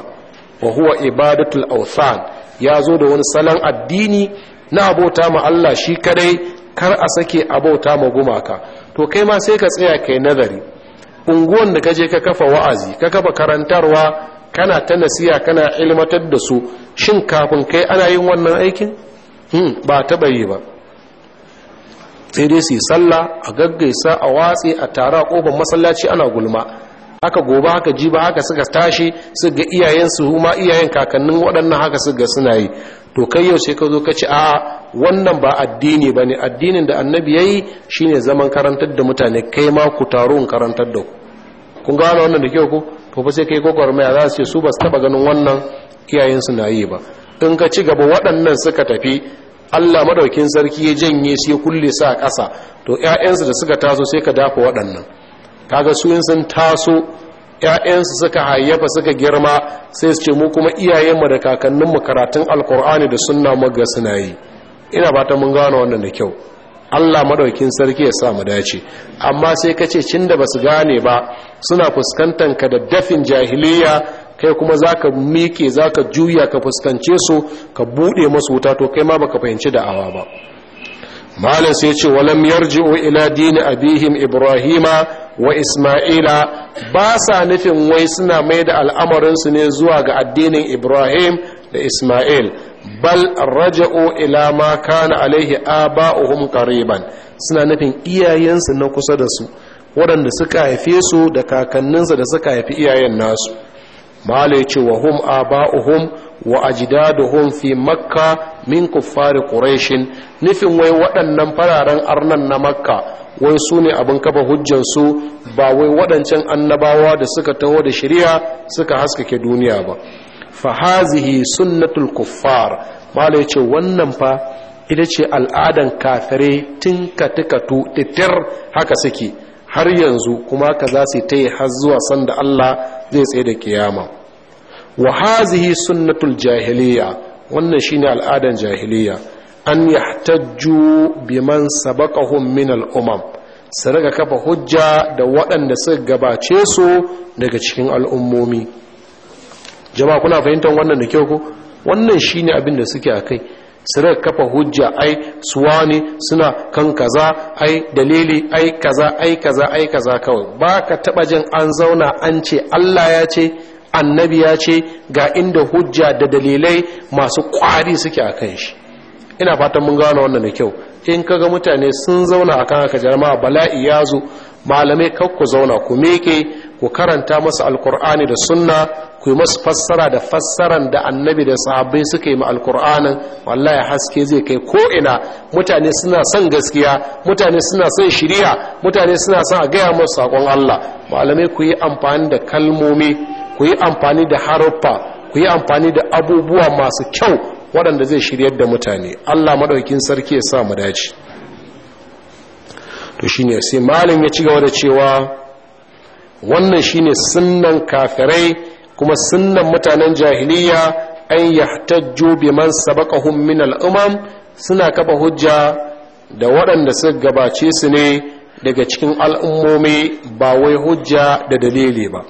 wa huwa ibadatul awthan ya zo da wani salon addini na abota ma Allah shi kadai kar a sake abota ma gumaka to kai ma sai ka tsaya kai nazari unguwan da kaje ka kafa wa'azi ka kafa karantarwa kana ta nasiya kana ilmatar da su shin kafin kai ana yin wannan aikin hmm ba ta yi ba sai dai su yi sallah a gaggaisa a watsi a tara kofar masallaci ana gulma haka gobe haka jiba haka suka tashi su ga iyayensu huma iyayen kakannin waɗannan haka su ga suna yi to kai yau sai ka zo ka ci a wannan ba addini ba ne addinin da annabi ya yi shi zaman karantar da mutane kai ma ku taro in karantar da ku kun gano wannan da kyau ku to fa sai kai maya za su ce su ba su taɓa ganin wannan iyayensu na yi ba in ka ci gaba waɗannan suka tafi allah madaukin sarki ya janye ya kulle sa a ƙasa to 'ya'yansu da suka taso sai ka dafa waɗannan kaga su yin sun taso ‘ya'yansu suka hayyafa suka girma sai su ce mu kuma iyayenmu da kakanninmu karatun alkur'ani da sunna maga suna yi ina ba mun gano wannan da kyau allah maɗaukin sarki ya sa mu dace amma sai ka ce cin da ba su gane ba suna fuskantar ka da dafin jahiliya kai kuma za ka miƙe za ka juya ka fuskance su ka buɗe masu wuta to kai ma baka fahimci da'awa ba malam sai ce walam yarji'u ila dini abihim ibrahima wa isma'ila ba sa nufin wai suna mai da su ne zuwa ga addinin ibrahim da isma'il bal raja'u ila ma kana alaihi aba'uhum qariban suna nufin iyayensu na kusa da su waɗanda suka haife su da kakanninsu da suka haifi iyayen nasu malai ce wa hum aba'uhum wa ajdaduhum fi makka min kuffari quraish nufin wai waɗannan fararen arnan na makka wai su ne abin kafa hujjan su ba wai waɗancan annabawa da suka taho da shari'a suka haskake duniya ba fa hazihi sunnatul kuffar malai ce wannan fa ita ce al'adan kafirai tun katukatu titir haka suke har yanzu kuma ka za su ta yi har zuwa sanda Allah zai tsaye da kiyama wa hazihi sunnatul jahiliya wannan shine al'adan jahiliya an yahtajju biman sabaqahum min umam su riga kafa hujja da waɗanda suka gabace su daga cikin al'ummomi jama'a kuna fahimtar wannan da kyau ko wannan shine abin da suke akai su riga kafa hujja ai suwa ne suna kan kaza ai dalili ai kaza ai kaza ai kaza kawai ba ka taɓa jin an zauna an ce allah ya ce annabi ya ce ga inda hujja da dalilai masu kwari suke a kan shi ina fatan mun gano wannan da kyau in kaga mutane sun zauna a kan haka jama'a bala'i ya zo malamai kar ku zauna ku meke ku karanta masa alkur'ani da sunna ku yi masu fassara da fassaran da annabi da sahabbai suka yi ma alkur'anin wallahi haske zai kai ko'ina mutane suna son gaskiya mutane suna son shiriya mutane suna son a gaya masu saƙon allah malamai ku yi amfani da kalmomi ku yi amfani da haruffa ku yi amfani da abubuwa masu kyau waɗanda zai shiryar da mutane allah maɗaukin sarki ya sa mu dace to ne sai malin ya ci gaba da cewa wannan shi ne sunan kafirai kuma sunan mutanen jahiliya an yahtajju biman sabaqahum min al'umam suna kafa hujja da waɗanda suka gabace su ne daga cikin al'ummomi ba wai hujja da dalili ba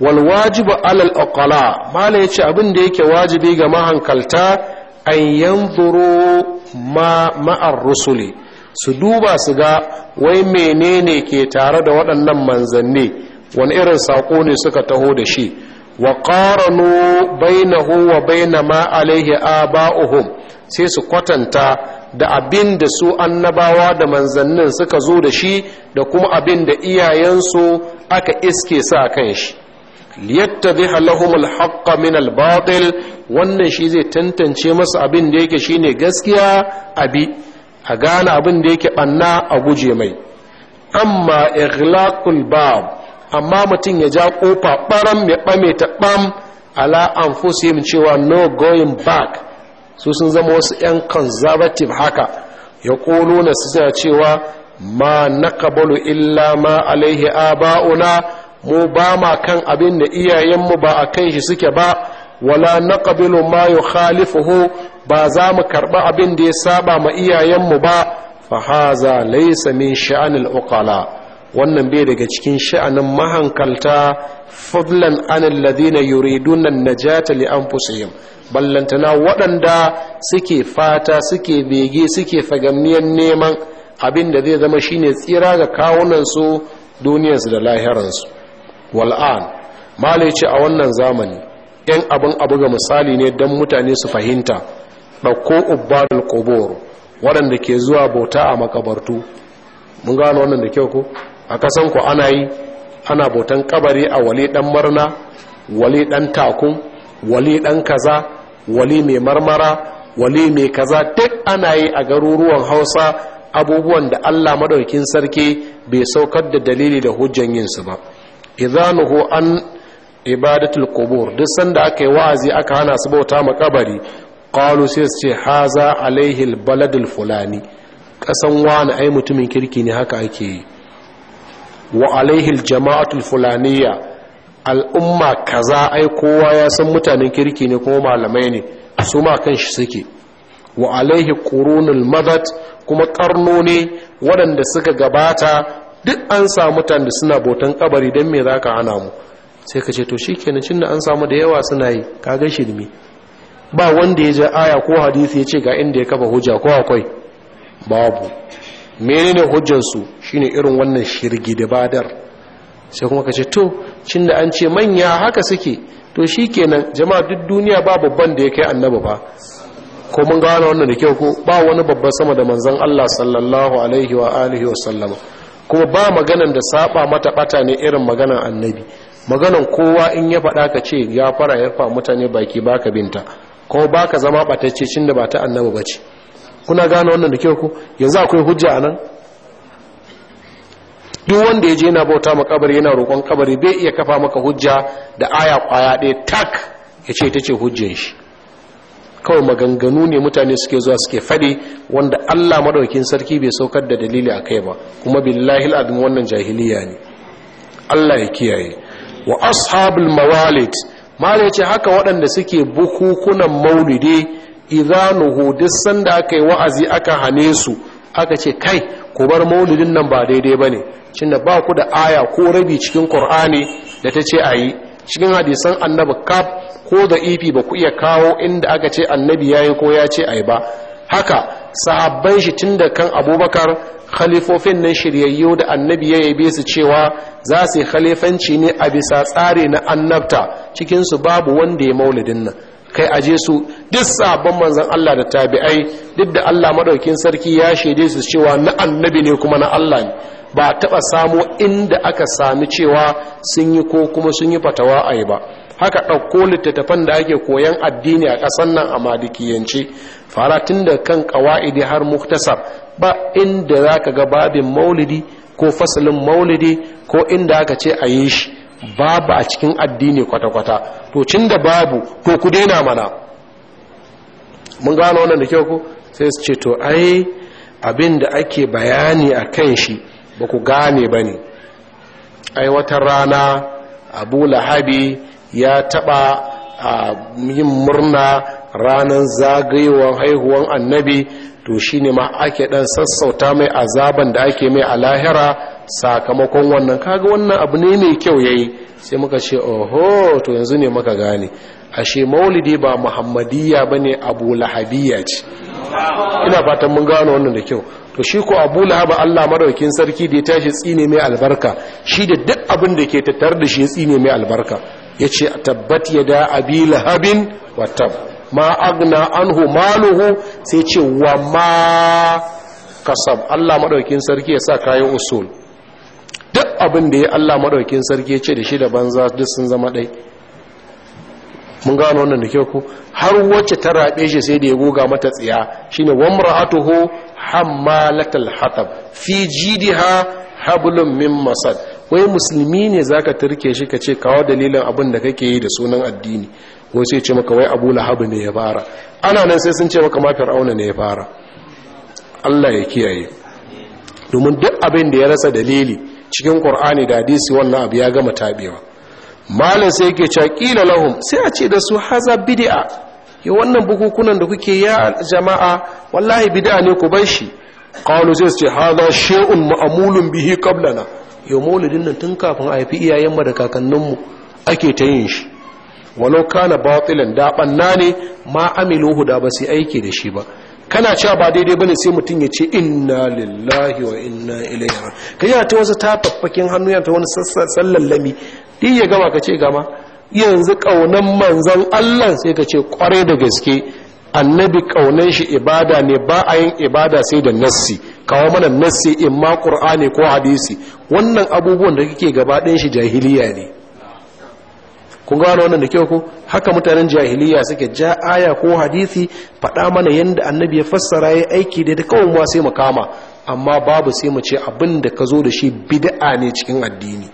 walwajibu wajibu alal aqala mala yace abin da yake wajibi ga mahankalta an yanzuru ma ma'ar rusuli su duba su ga wai menene ke tare da waɗannan manzanni wani irin saƙo ne suka taho da shi wa ƙaranu bainahu wa baina ma alaihi aba'uhum sai su kwatanta da abin da su annabawa da manzannin suka zo da shi da kuma abin da iyayensu aka iske sa kan shi liyattabiha lahumul alhaqqa min albatil wannan shi zai tantance masa abin da yake shine gaskiya abi a gane abin da yake banna a guje mai amma ighlaqul bab amma mutum ya ja kofa baram ya bame ta bam ala anfusihim cewa no going back su sun zama wasu 'yan conservative haka ya ƙolo na suna cewa ma na kabalu illa ma alaihi aba'una mu ba ma kan abin da iyayenmu ba a kan shi suke ba wala na ƙabilu ma yukhalifuhu ba za mu karɓi abin da ya saba ma iyayenmu ba fahaza laisa min sha'anil uqala wannan bai daga cikin sha'anin mahankalta fadlan an alladhina yuriduna an-najata li anfusihim ballantana waɗanda suke fata suke bege suke fagamniyar neman abin da zai zama shine tsira ga kawunansu duniyarsu da lahiransu wal'an malai ce a wannan zamani yan abin abu ga misali ne don mutane su fahimta ɗauko ubbadul qubur waɗanda ke zuwa bauta a makabartu mun gano wannan da kyau ko a kasan ku ana yi ana bautan kabari a wali ɗan marna wali ɗan takun wali ɗan kaza wali mai marmara wali mai kaza duk ana yi a garuruwan hausa abubuwan da allah maɗaukin sarki bai saukar da dalili da hujjan yinsu ba izanuhu an ibadatul qubur duk sanda aka yi wa'azi aka hana su bauta ma kabari qalu sai su ce haza alaihi albaladul fulani kasan wani ai mutumin kirki ne haka ake yi wa alaihi aljama'atul fulaniya al'umma kaza ai kowa ya san mutanen kirki ne kuma malamai ne su ma kan shi suke wa alaihi qurunul madat kuma karno ne waɗanda suka gabata duk an samu da suna bautan kabari don me za ka hana mu sai ka ce to shi kenan cin da an samu da yawa suna yi kaga shirme ba wanda ya ji aya ko hadisi ya ce ga inda ya kafa hujja ko akwai babu ne hujjansu shine irin wannan shirgi da badar sai kuma ka ce to cin da an ce manya haka suke to shi kenan jama'a duk duniya ba babban da ya kai annaba ba ko mun gane wannan da kyau ko ba wani babban sama da manzon Allah sallallahu alaihi wa alihi wa sallama kuma ba maganan da saba mata bata ne irin maganan annabi maganan kowa in ya faɗa ka ce ya fara ya fa mutane baki baka binta ko baka zama batacce cin da ba ta annabi bace kuna gane wannan da kyau ku yanzu akwai hujja anan duk wanda ya je yana bauta ma kabari yana roƙon kabari bai iya kafa maka hujja da aya kwaya ɗaya tak yace ce ce hujjan shi kawai maganganu ne mutane suke zuwa suke faɗi wanda allah maɗaukin sarki bai saukar da dalili a kai ba kuma billahi al'adun wannan jahiliya ne allah ya kiyaye wa ashabul mawalid ma ya ce haka waɗanda suke bukukunan maulidi idanu duk sanda aka yi wa'azi aka hane su aka ce kai ku bar maulidin nan ba daidai ba ne cin da ba ku da aya ko rabi cikin ƙur'ani da ta ce a yi cikin hadisan annabi kaf ko da ifi e ba ku iya kawo inda aka ce annabi ya yi ko ya ce ai ba haka sahabban shi tun da kan abubakar khalifofin nan shiryayyo da annabi ya yabe su cewa za su yi khalifanci ne a bisa tsari na annabta cikinsu babu wanda ya maulidin nan kai a je su duk sabon manzon Allah da tabi'ai duk da Allah madaukin sarki ya shaide su cewa na annabi ne kuma na Allah ne ba taba samo inda aka sami cewa sun yi ko kuma sun yi fatawa a yi ba haka ɗauko littattafan da ake koyan addini a ƙasan nan a madikiyance fara tun da kan ƙawa'idi har muktasar ba inda za ka ga babin maulidi ko fasalin maulidi ko inda aka ce a yi shi babu a cikin addini kwata-kwata to cin da babu to ku daina mana mun gano wannan da kyau ku sai su ce to ai abin da ake bayani a kan shi ba ku gane ba ne ai wata rana abu lahabi ya taɓa a yin murna ranar zagayewar haihuwan annabi to shi ne ma ake ɗan sassauta mai azaban da ake mai a lahira sakamakon wannan kaga wannan abu ne mai kyau ya yi. sai muka ce oho to yanzu ne muka gane ashe maulidi ba muhammadiyya ba ne abu lahabiyya ce ina fatan mun gano wannan da kyau to shi ko abu lahaba allah maraukin sarki da ya tashi tsine mai albarka shi da duk abin da ke tattar da shi tsine mai albarka yace tabbat yada abi lahabin wa tab ma agna anhu maluhu sai ce wa ma kasab Allah madaukin sarki ya sa kayan usul duk abin da ya Allah madaukin sarki ya ce da shi da banza duk sun zama dai mun gano wannan da kyau ku har wacce ta rabe shi sai da ya goga mata tsiya shine mar'atuhu hammalatal hatab fi jidha hablum min masad wai musulmi ne zaka turke shi ka ce kawo dalilin abin da kake yi da sunan addini wai sai ce maka wai abu lahabu ne ya fara ana nan sai sun ce maka ma fir'auna ne ya fara allah ya kiyaye domin duk abin da ya rasa dalili cikin qur'ani da hadisi wannan abu ya gama tabewa malam sai yake cewa lahum sai a ce da su haza bidi'a. ya wannan bukukunan da kuke ya jama'a wallahi bid'a ne ku bar shi qalu sai su ce haza shay'un ma'mulun bihi qablana yau maulidin nan tun kafin a haifi iyayenmu da kakanninmu ake ta yin shi walau kana batilan da na ne ma amilu da ba sai aiki da shi ba kana cewa ba daidai bane sai mutum ya ce inna lillahi wa inna ilaihi Ka yi ta wasu ta hannu yanta ta wani sassan lami din ya gama ka ce gama yanzu ƙaunan manzon Allah sai ka ce kwarai da gaske annabi kaunan shi ibada ne ba a yin ibada sai da nassi kawo mana nasi in ma ƙur'ani ko hadisi wannan abubuwan da kake gaba ɗin shi jahiliya ne kun gano wannan da kyau ko haka mutanen jahiliya suke ja aya ko hadisi faɗa mana yadda annabi ya fassara ya aiki da kawai ma sai mu kama amma babu sai mu ce abin da ka zo da shi bida'a ne cikin addini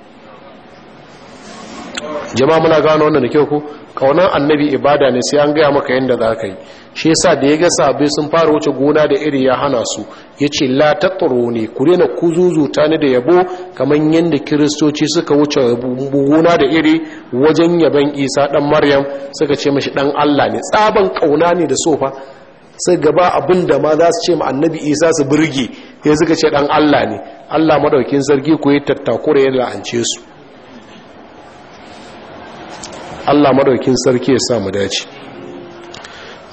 jama'a muna gano wannan da kyau ko kaunan annabi ibada ne sai an gaya maka yanda za ka yi shi yasa da ya ga sabai sun fara wuce gona da iri ya hana su yace ce la ta ne ku daina kuzuzuta ni da yabo kamar yanda kiristoci suka wuce gona da iri wajen yaban isa dan maryam suka ce mishi dan allah ne tsaban kauna ne da sofa sai gaba abin da ma za su ce ma annabi isa su birge ya suka ce dan allah ne allah madaukin sarki ku yi tattakura ya la'ance su Allah madaukin sarki ya sa mu dace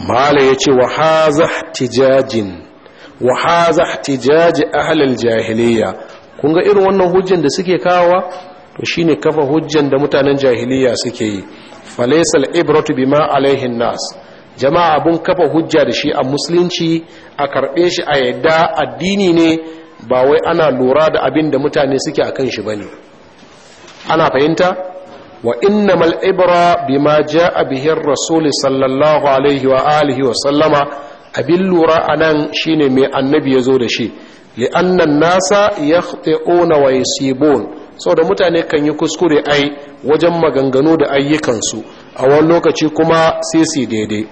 mala yace wa haza ihtijajin wa haza ihtijaj ahli aljahiliya kun ga irin wannan hujjan da suke kawa to shine kafa hujjan da mutanen jahiliya suke yi falaysal ibratu bima alayhi nas jama'a abun kafa hujja da shi a musulunci a karbe shi a yadda addini ne ba wai ana lura da abin da mutane suke akan shi bane ana fahimta wa innamal ibra bima jaa bihi ar-rasul sallallahu alaihi wa alihi wa sallama abin lura anan shine mai annabi yazo da shi li'annan nasa yakhti'una wa yasibun mutane kan yi kuskure ai wajen maganganu da ayyukansu a wani lokaci kuma sai su daidai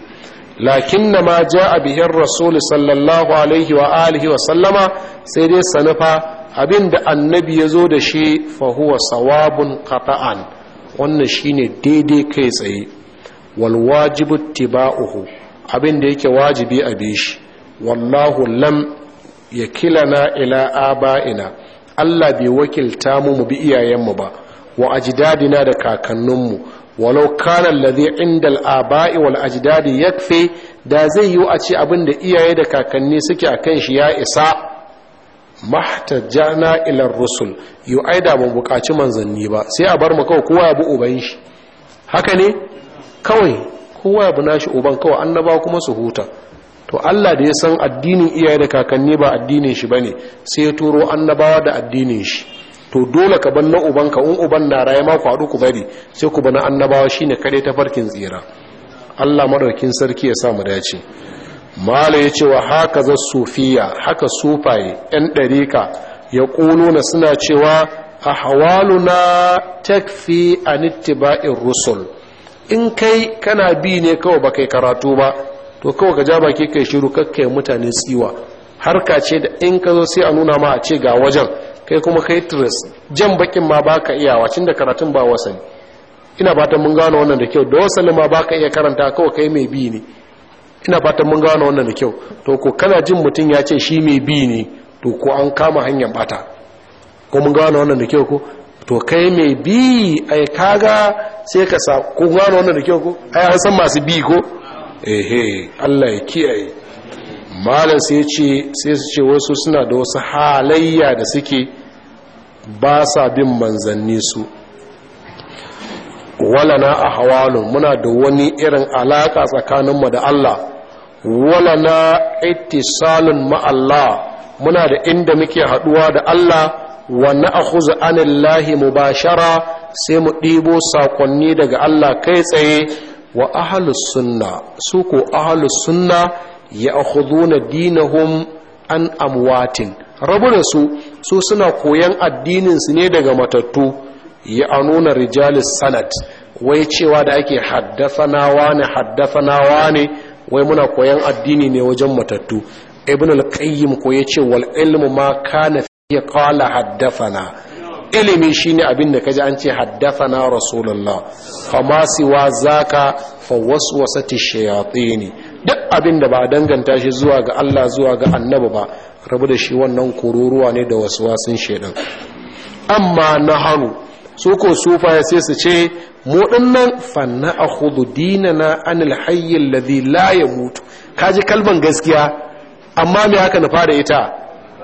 lakin na ma ja a bihin rasul sallallahu alaihi wa alihi wa sallama sai dai sanufa abin da annabi ya zo da shi fahuwa sawabun kata'an wannan shine daidai kai tsaye wal tiba'uhu abin da yake wajibi a bishi shi wallahu lam yakilana ila aba'ina Allah bai wakilta mu mu bi iyayenmu ba wa ajdadina da kakanninmu walau kana allazi indal abai wal ajdadi yakfi da zai yi a ce abin da iyaye da kakanni suke akan shi ya isa mahtajana ilar rusul yau ai da ban bukaci manzanni ba sai a bar mu kawai kowa ya bi uban shi haka ne kawai kowa ya bi nashi uban kawai annaba kuma su huta to Allah da ya san addinin iyaye da kakanni ba addinin shi ba ne sai ya turo annabawa da addinin shi to dole ka bar na uban ka in uban na raye ma kwadu ku bari sai ku bana annabawa ne kare ta farkin tsira Allah madaukin sarki ya sa mu dace mala ya ce wa haka za sufiya haka sufaye 'yan ɗarika ya ƙununa suna cewa a hawaluna takfi a ittiba'in rusul in kai kana bi ne kawai ba kai karatu ba to kawai ka ja baki kai shiru kakkai mutane tsiwa harka ce da in ka zo sai a nuna ma a ce ga wajen kai kuma kai tiris jan bakin ma ba ka iya wacin da karatun ba wasani ina ba ta mun gano wannan da kyau da wasali ma ba ka iya karanta kawai kai mai bi ne ina fatan mun gano wannan da kyau to ko kana jin mutum ya ce shi mai bi ne to ko an kama hanyar bata ko mun gano wannan da kyau ko to kai mai bi ai kaga sai ka sa ko gano wannan da kyau ko ai an san masu bi ko ehe Allah ya kiyaye malam sai ce sai su ce wasu suna da wasu halayya da suke ba sa bin manzanni su walana a ahwalun muna da wani irin alaƙa tsakaninmu da Allah walana ittisalun ma'allah muna da inda muke haɗuwa da Allah wa mu anillahi shara, sai mu ɗibo saƙonni daga Allah kai tsaye wa ahlus su ko a sunna na dinahun an amwatin rabu da su su suna koyan addininsu ne daga matattu ya nuna rijalis sanad wai cewa da ake haddafanawa ne haddafanawa ne wai muna koyan addini ne wajen matattu ibn al-qayyim ko ya ce wal ilmu ma kana fi qala haddafana ilimi shine abin da kaji an ce haddafana rasulullah fama siwa zaka fa waswasati shayatin duk abin da ba danganta shi zuwa ga Allah zuwa ga annabi ba rabu da shi wannan kururuwa ne da waswasin shedan amma nahanu su ko sufaye sai su ce mu dinnan fanna akhudhu dinana anil hayy alladhi la yamut kaji kalban gaskiya amma me haka na fara ita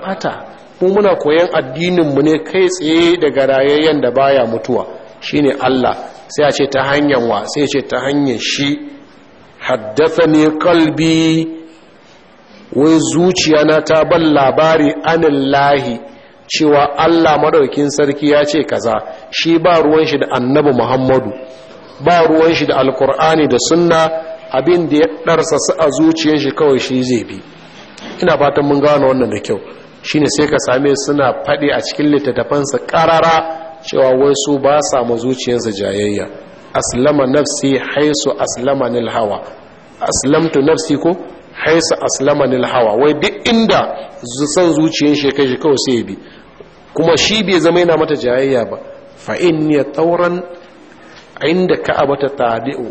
mata mu muna koyan addinin mu ne kai tsaye daga rayayyen da baya mutuwa shine Allah sai a ce ta hanyar wa sai a ce ta hanyar shi haddathani qalbi wai zuciyana ta ban labari anillahi cewa Allah madaukin sarki ya ce kaza shi ba ruwan shi da annabi Muhammadu ba ruwan shi da alkur'ani da sunna abin da ya darsa su a zuciyar shi kawai shi zai bi ina fatan mun gano wannan da kyau shine sai ka same suna faɗi a cikin littattafansa ƙarara cewa wai su ba sa ma zuciyarsa jayayya aslama nafsi haisu aslama nil hawa aslamtu nafsi ko haisu aslama nil hawa wai duk inda san zuciyar shi kai shi kawai sai bi kuma shi bai zama yana mata jayayya ba fa ya tauran inda ka'aba ta tadi'u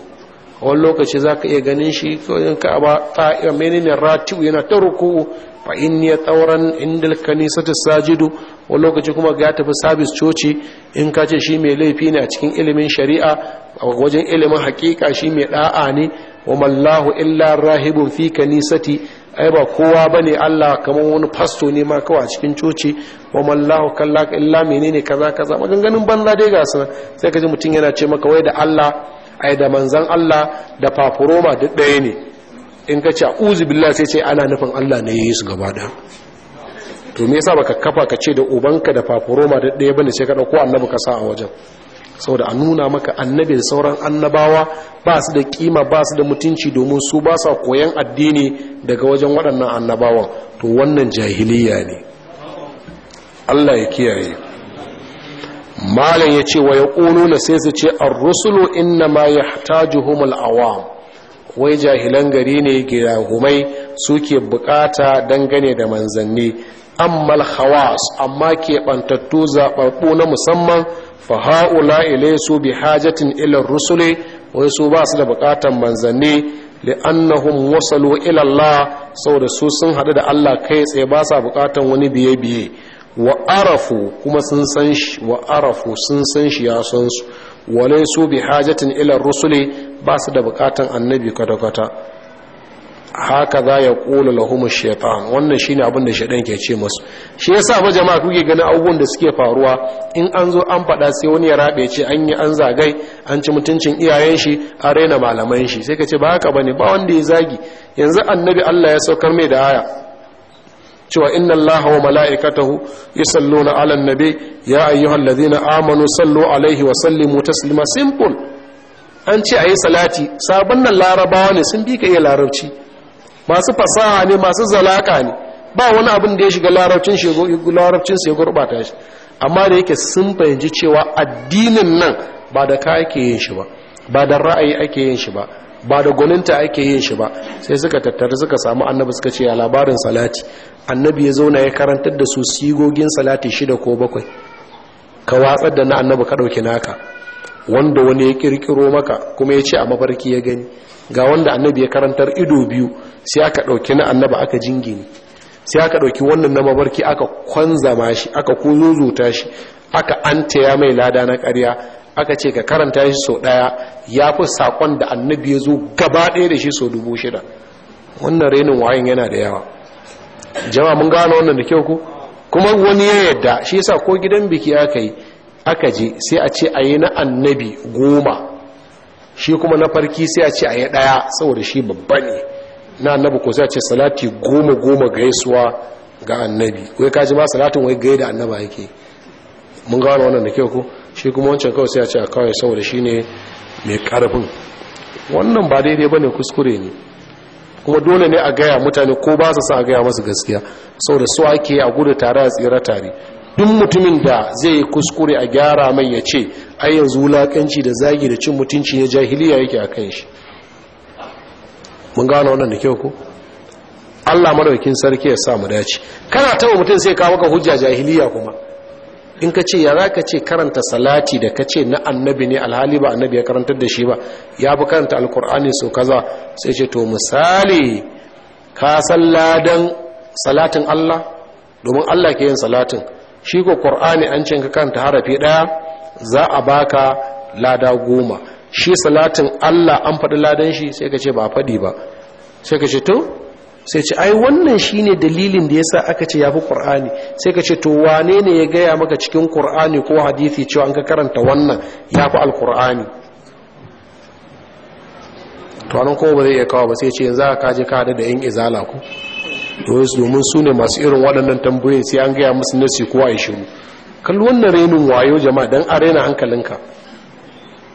wani lokaci za ka iya ganin shi kawai ka'aba mene menene ratiu yana ta ruku fa ya tauran inda kanisatu sajidu wani lokaci kuma ga tafi sabis coci in ka ce shi mai laifi ne a cikin ilimin shari'a a wajen ilimin hakika shi mai da'a ne wa mallahu illa rahibun fi kanisati ai ba kowa bane Allah kamar wani fasto ne ma kawai a cikin coci wa mallahu kalla illa menene kaza kaza maganganun banza dai ga su sai ka ji mutum yana ce maka wai da Allah ai da manzan Allah da fafuroma duk daya ne in ka ce uzu billah sai ce ana nufin Allah ne yi su gaba da to me yasa baka kafa ka ce da ubanka da fafuroma duk ɗaya bane sai ka ɗauko annabi ka sa a wajen da a nuna maka annabi da sauran annabawa ba su da kima ba su da mutunci domin su ba su koyan addini daga wajen waɗannan annabawan to wannan jahiliya ne Allah ya kiyaye malam ya ce wa ya na sai su ce an rusulu inna ma ya tajuhumul awam wai jahilan gari ne gidahumai suke bukata dangane da manzanni ammal hawas amma keɓantattu zaɓaɓɓu na musamman fa haula ilaysu bi hajatin ila rusuli wai su ba da bukatan manzanni li'annahum wasalu ila Allah saboda su sun hadu da Allah kai tsaye ba sa bukatan wani biye biye wa arafu kuma sun san shi wa arafu sun san shi ya san su walai su bi hajatin ila rusuli ba da bukatan annabi kwata kwata haka za ya ƙola lahumar shaitan wannan shine abin da shaɗan ke ce masu shi ya sa majama kuke gani abubuwan da suke faruwa in an zo an faɗa sai wani ya raɓe ce an yi an zagai an ci mutuncin iyayen shi a raina malaman shi sai ka ce ba haka bane ba wanda ya zagi yanzu annabi allah ya saukar mai da aya cewa inna allaha wa mala'ikatahu yusalluna ala annabi ya ayyuhallazina amanu sallu alaihi wa sallimu taslima simple an ce ayi salati sabon nan larabawa ne sun bi ka iya larabci masu fasaha ne masu zalaka ne ba wani abin da ya shiga larabcin larabcinsu ya gurɓata shi amma da yake sun fahimci cewa addinin nan ba da ka ake yin shi ba ba da ra'ayi ake yin shi ba ba da gwaninta ake yin shi ba sai suka tattara suka samu annabi suka ce ya labarin salati annabi ya zauna ya karantar da su sigogin salati shida ko bakwai ka watsar da na annabi ka ɗauki naka wanda wani ya kirkiro maka kuma ya ce a mafarki ya gani ga wanda annabi ya karantar ido biyu sai aka ɗauki na annaba aka jingini sai aka ɗauki wannan na mabarki aka kwanzama shi aka kuzuzuta shi aka antaya mai lada na karya aka ce ka karanta shi sau ɗaya ya fi saƙon da annabi ya zo gaba ɗaya da shi sau dubu shida wannan renin wayan yana da yawa jama mun gano wannan da kyau ku kuma wani ya yadda shi yasa ko gidan biki aka yi aka je sai a ce a yi na annabi goma shi kuma na farki sai a ce a yi ɗaya saboda shi babba ne na annabi ko sai ce salati goma goma gaisuwa ga annabi wai kaji ma salatin wai gaida annaba yake mun gano wannan da kyau ko shi kuma wancan kawai sai a ce a kawai saboda shi ne mai karfin wannan ba daidai ba ne kuskure ne kuma dole ne a gaya mutane ko ba su sa a gaya masu gaskiya saboda su ake a gudu tare a tsira tare duk mutumin da zai yi kuskure a gyara mai ya ce ai yanzu wulakanci da zagi da cin mutunci ya jahiliya yake a kan shi mun gano wannan da kyau ko Allah madaukin sarki ya sa mu dace kana tawo mutum sai kawo maka hujja jahiliya kuma in ka ce ya za ka ce karanta salati da ka ce na annabi ne alhali ba annabi ya karantar da shi ba ya bi karanta alkur'ani sau kaza sai ce to misali ka san ladan salatin Allah domin Allah ke yin salatin shi ko qur'ani an ce ka karanta harafi daya za a baka lada goma shi salatin Allah an faɗi ladan shi sai ka ce ba faɗi ba sai ka ce to sai ce ai wannan shi ne dalilin da ya sa aka ce ya fi ƙur'ani sai ka ce to wane ne ya gaya maka cikin ƙur'ani ko hadisi cewa an ka karanta wannan ya fi Alƙur'ani. to anan kowa ba zai iya kawo ba sai ce yanzu ka je ka da yan izala ku domin su ne masu irin waɗannan tambayoyin sai an gaya musu nasi ko ya shiru kalli wannan renin wayo jama'a dan rena hankalinka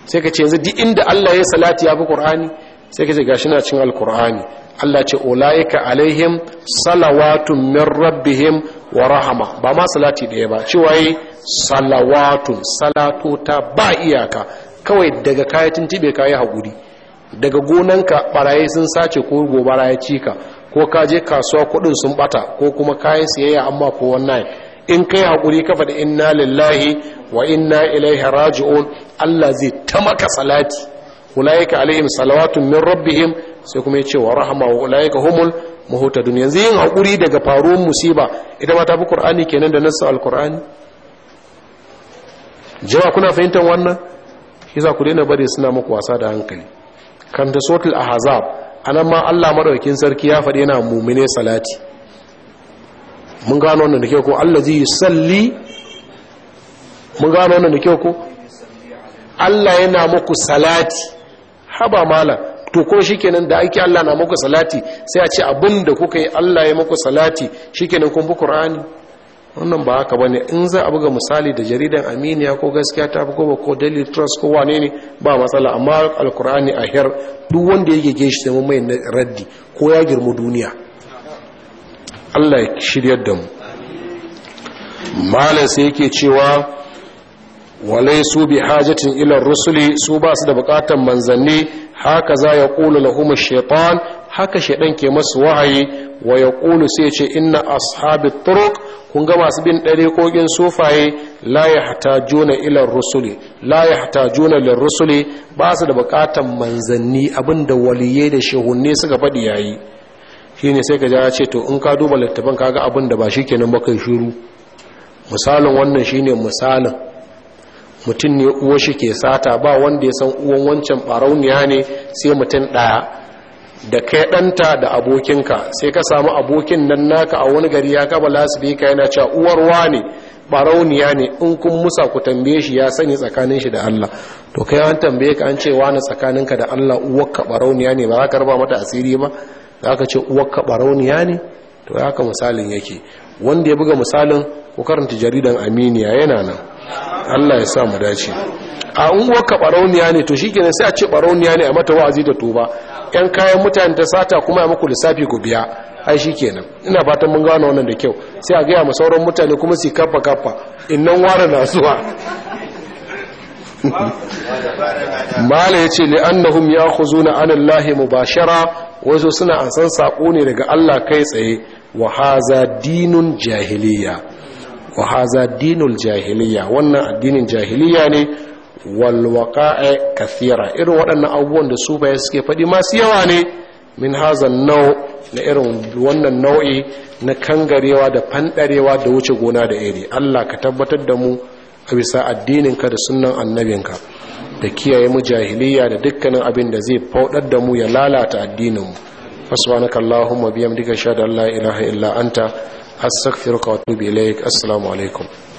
sai ka ce yanzu duk inda Allah ya salati ya fi Qur'ani sai ka ce gashi na cin alkur'ani Allah ce olaika alaihim salawatun min rabbihim wa rahama ba ma salati ɗaya ba cewa yi salawatun salatota ba iyaka kawai daga kayatin tibe yi haƙuri daga gonanka barayi sun sace ko gobara ya cika ko ka je kasuwa kuɗin sun ɓata, ko kuma kayan siyayya amma ko wannan in kai hakuri kafa da inna lillahi wa inna ilaihi raji'un Allah zai ta maka salati ulaika alaihim salawatun min rabbihim sai kuma yace wa rahama wa ulaika humul muhtadun yanzu yin hakuri daga faruwar musiba ita ma ta bi qur'ani kenan da nassu alqur'ani jama kuna fahimtar wannan yasa ku daina bari suna muku wasa da hankali kan da sotul ahzab anan ma Allah maɗaukin sarki ya faɗi yana mumine salati mun gano wannan da ke ko allazi salli. mun gano wannan da ke ko Allah yana muku salati haba mala to ko shikenan da ake Allah na muku salati sai a ce abinda kuka yi Allah ya muku salati shikenan kun bi Qur'ani wannan ba haka bane in za a buga misali da jaridan Aminiya ko gaskiya ta fi ko ko Daily Trust ko wane ne ba matsala amma al a her duk wanda yake geshi sai mun mai raddi ko ya girmu duniya Allah ya shiryar da mu malam sai yake cewa walai su bi hajatin ilar rusuli su ba su da bukatan manzanni haka za ya ƙulu lahum shaitan haka shaitan ke masu wahayi wa ya ƙulu sai ce inna ashabi turuk kun ga masu bin ɗare kogin sufaye la ya hata juna ilar rusuli la ya hata juna ilar rusuli ba su da bukatan manzanni abinda waliyai da shehunne suka faɗi yayi shine sai ka ja ce to in ka duba littafin kaga abin da ba shi kenan ba kai shiru misalin wannan shine misalin mutum ne uwa shi ke sata ba wanda ya san uwan wancan barauniya ne sai mutum daya da kai ɗanta da abokinka sai ka samu abokin nan naka a wani gari ya kaba ka yana cewa uwarwa ne barauniya ne in kun musa ku tambaye shi ya sani tsakanin shi da Allah to kai an tambaye ka an ce wani tsakaninka da Allah uwarka barauniya ne ba za ka raba mata asiri ba da aka ce uwarka barauniya ne to ya ka misalin yake wanda ya buga misalin ku karanta jaridan aminiya yana nan allah ya sa mu dace a unguwarka barauniya ne to shikenan sai a ce barauniya ne a mata wa'azi da tuba yan kayan mutane ta sata kuma ya muku lissafi ku biya ai kenan. ina fatan mun gano wannan da kyau sai a gaya ma sauran mutane kuma su kaffa kaffa innan ware na zuwa mala yace li annahum ya'khuzuna 'ala allahi mubashara wasu suna ansan saƙo ne daga Allah kai tsaye wa haza dinun jahiliya wa haza dinul jahiliya wannan addinin jahiliya ne wal waqa'a kathira irin waɗannan abubuwan da su baya suke faɗi masu yawa ne min haza nau na irin wannan nau'i na kangarewa da fanɗarewa da wuce gona da iri Allah ka tabbatar da mu a bisa addininka da sunnan annabinka da kiyaye mu jahiliya da dukkanin abin da zai faudar da mu ya lalata addinin mu subhanaka allahumma biyamdika shada la ilaha illa anta astaghfiruka wa atubu ilaik assalamu alaikum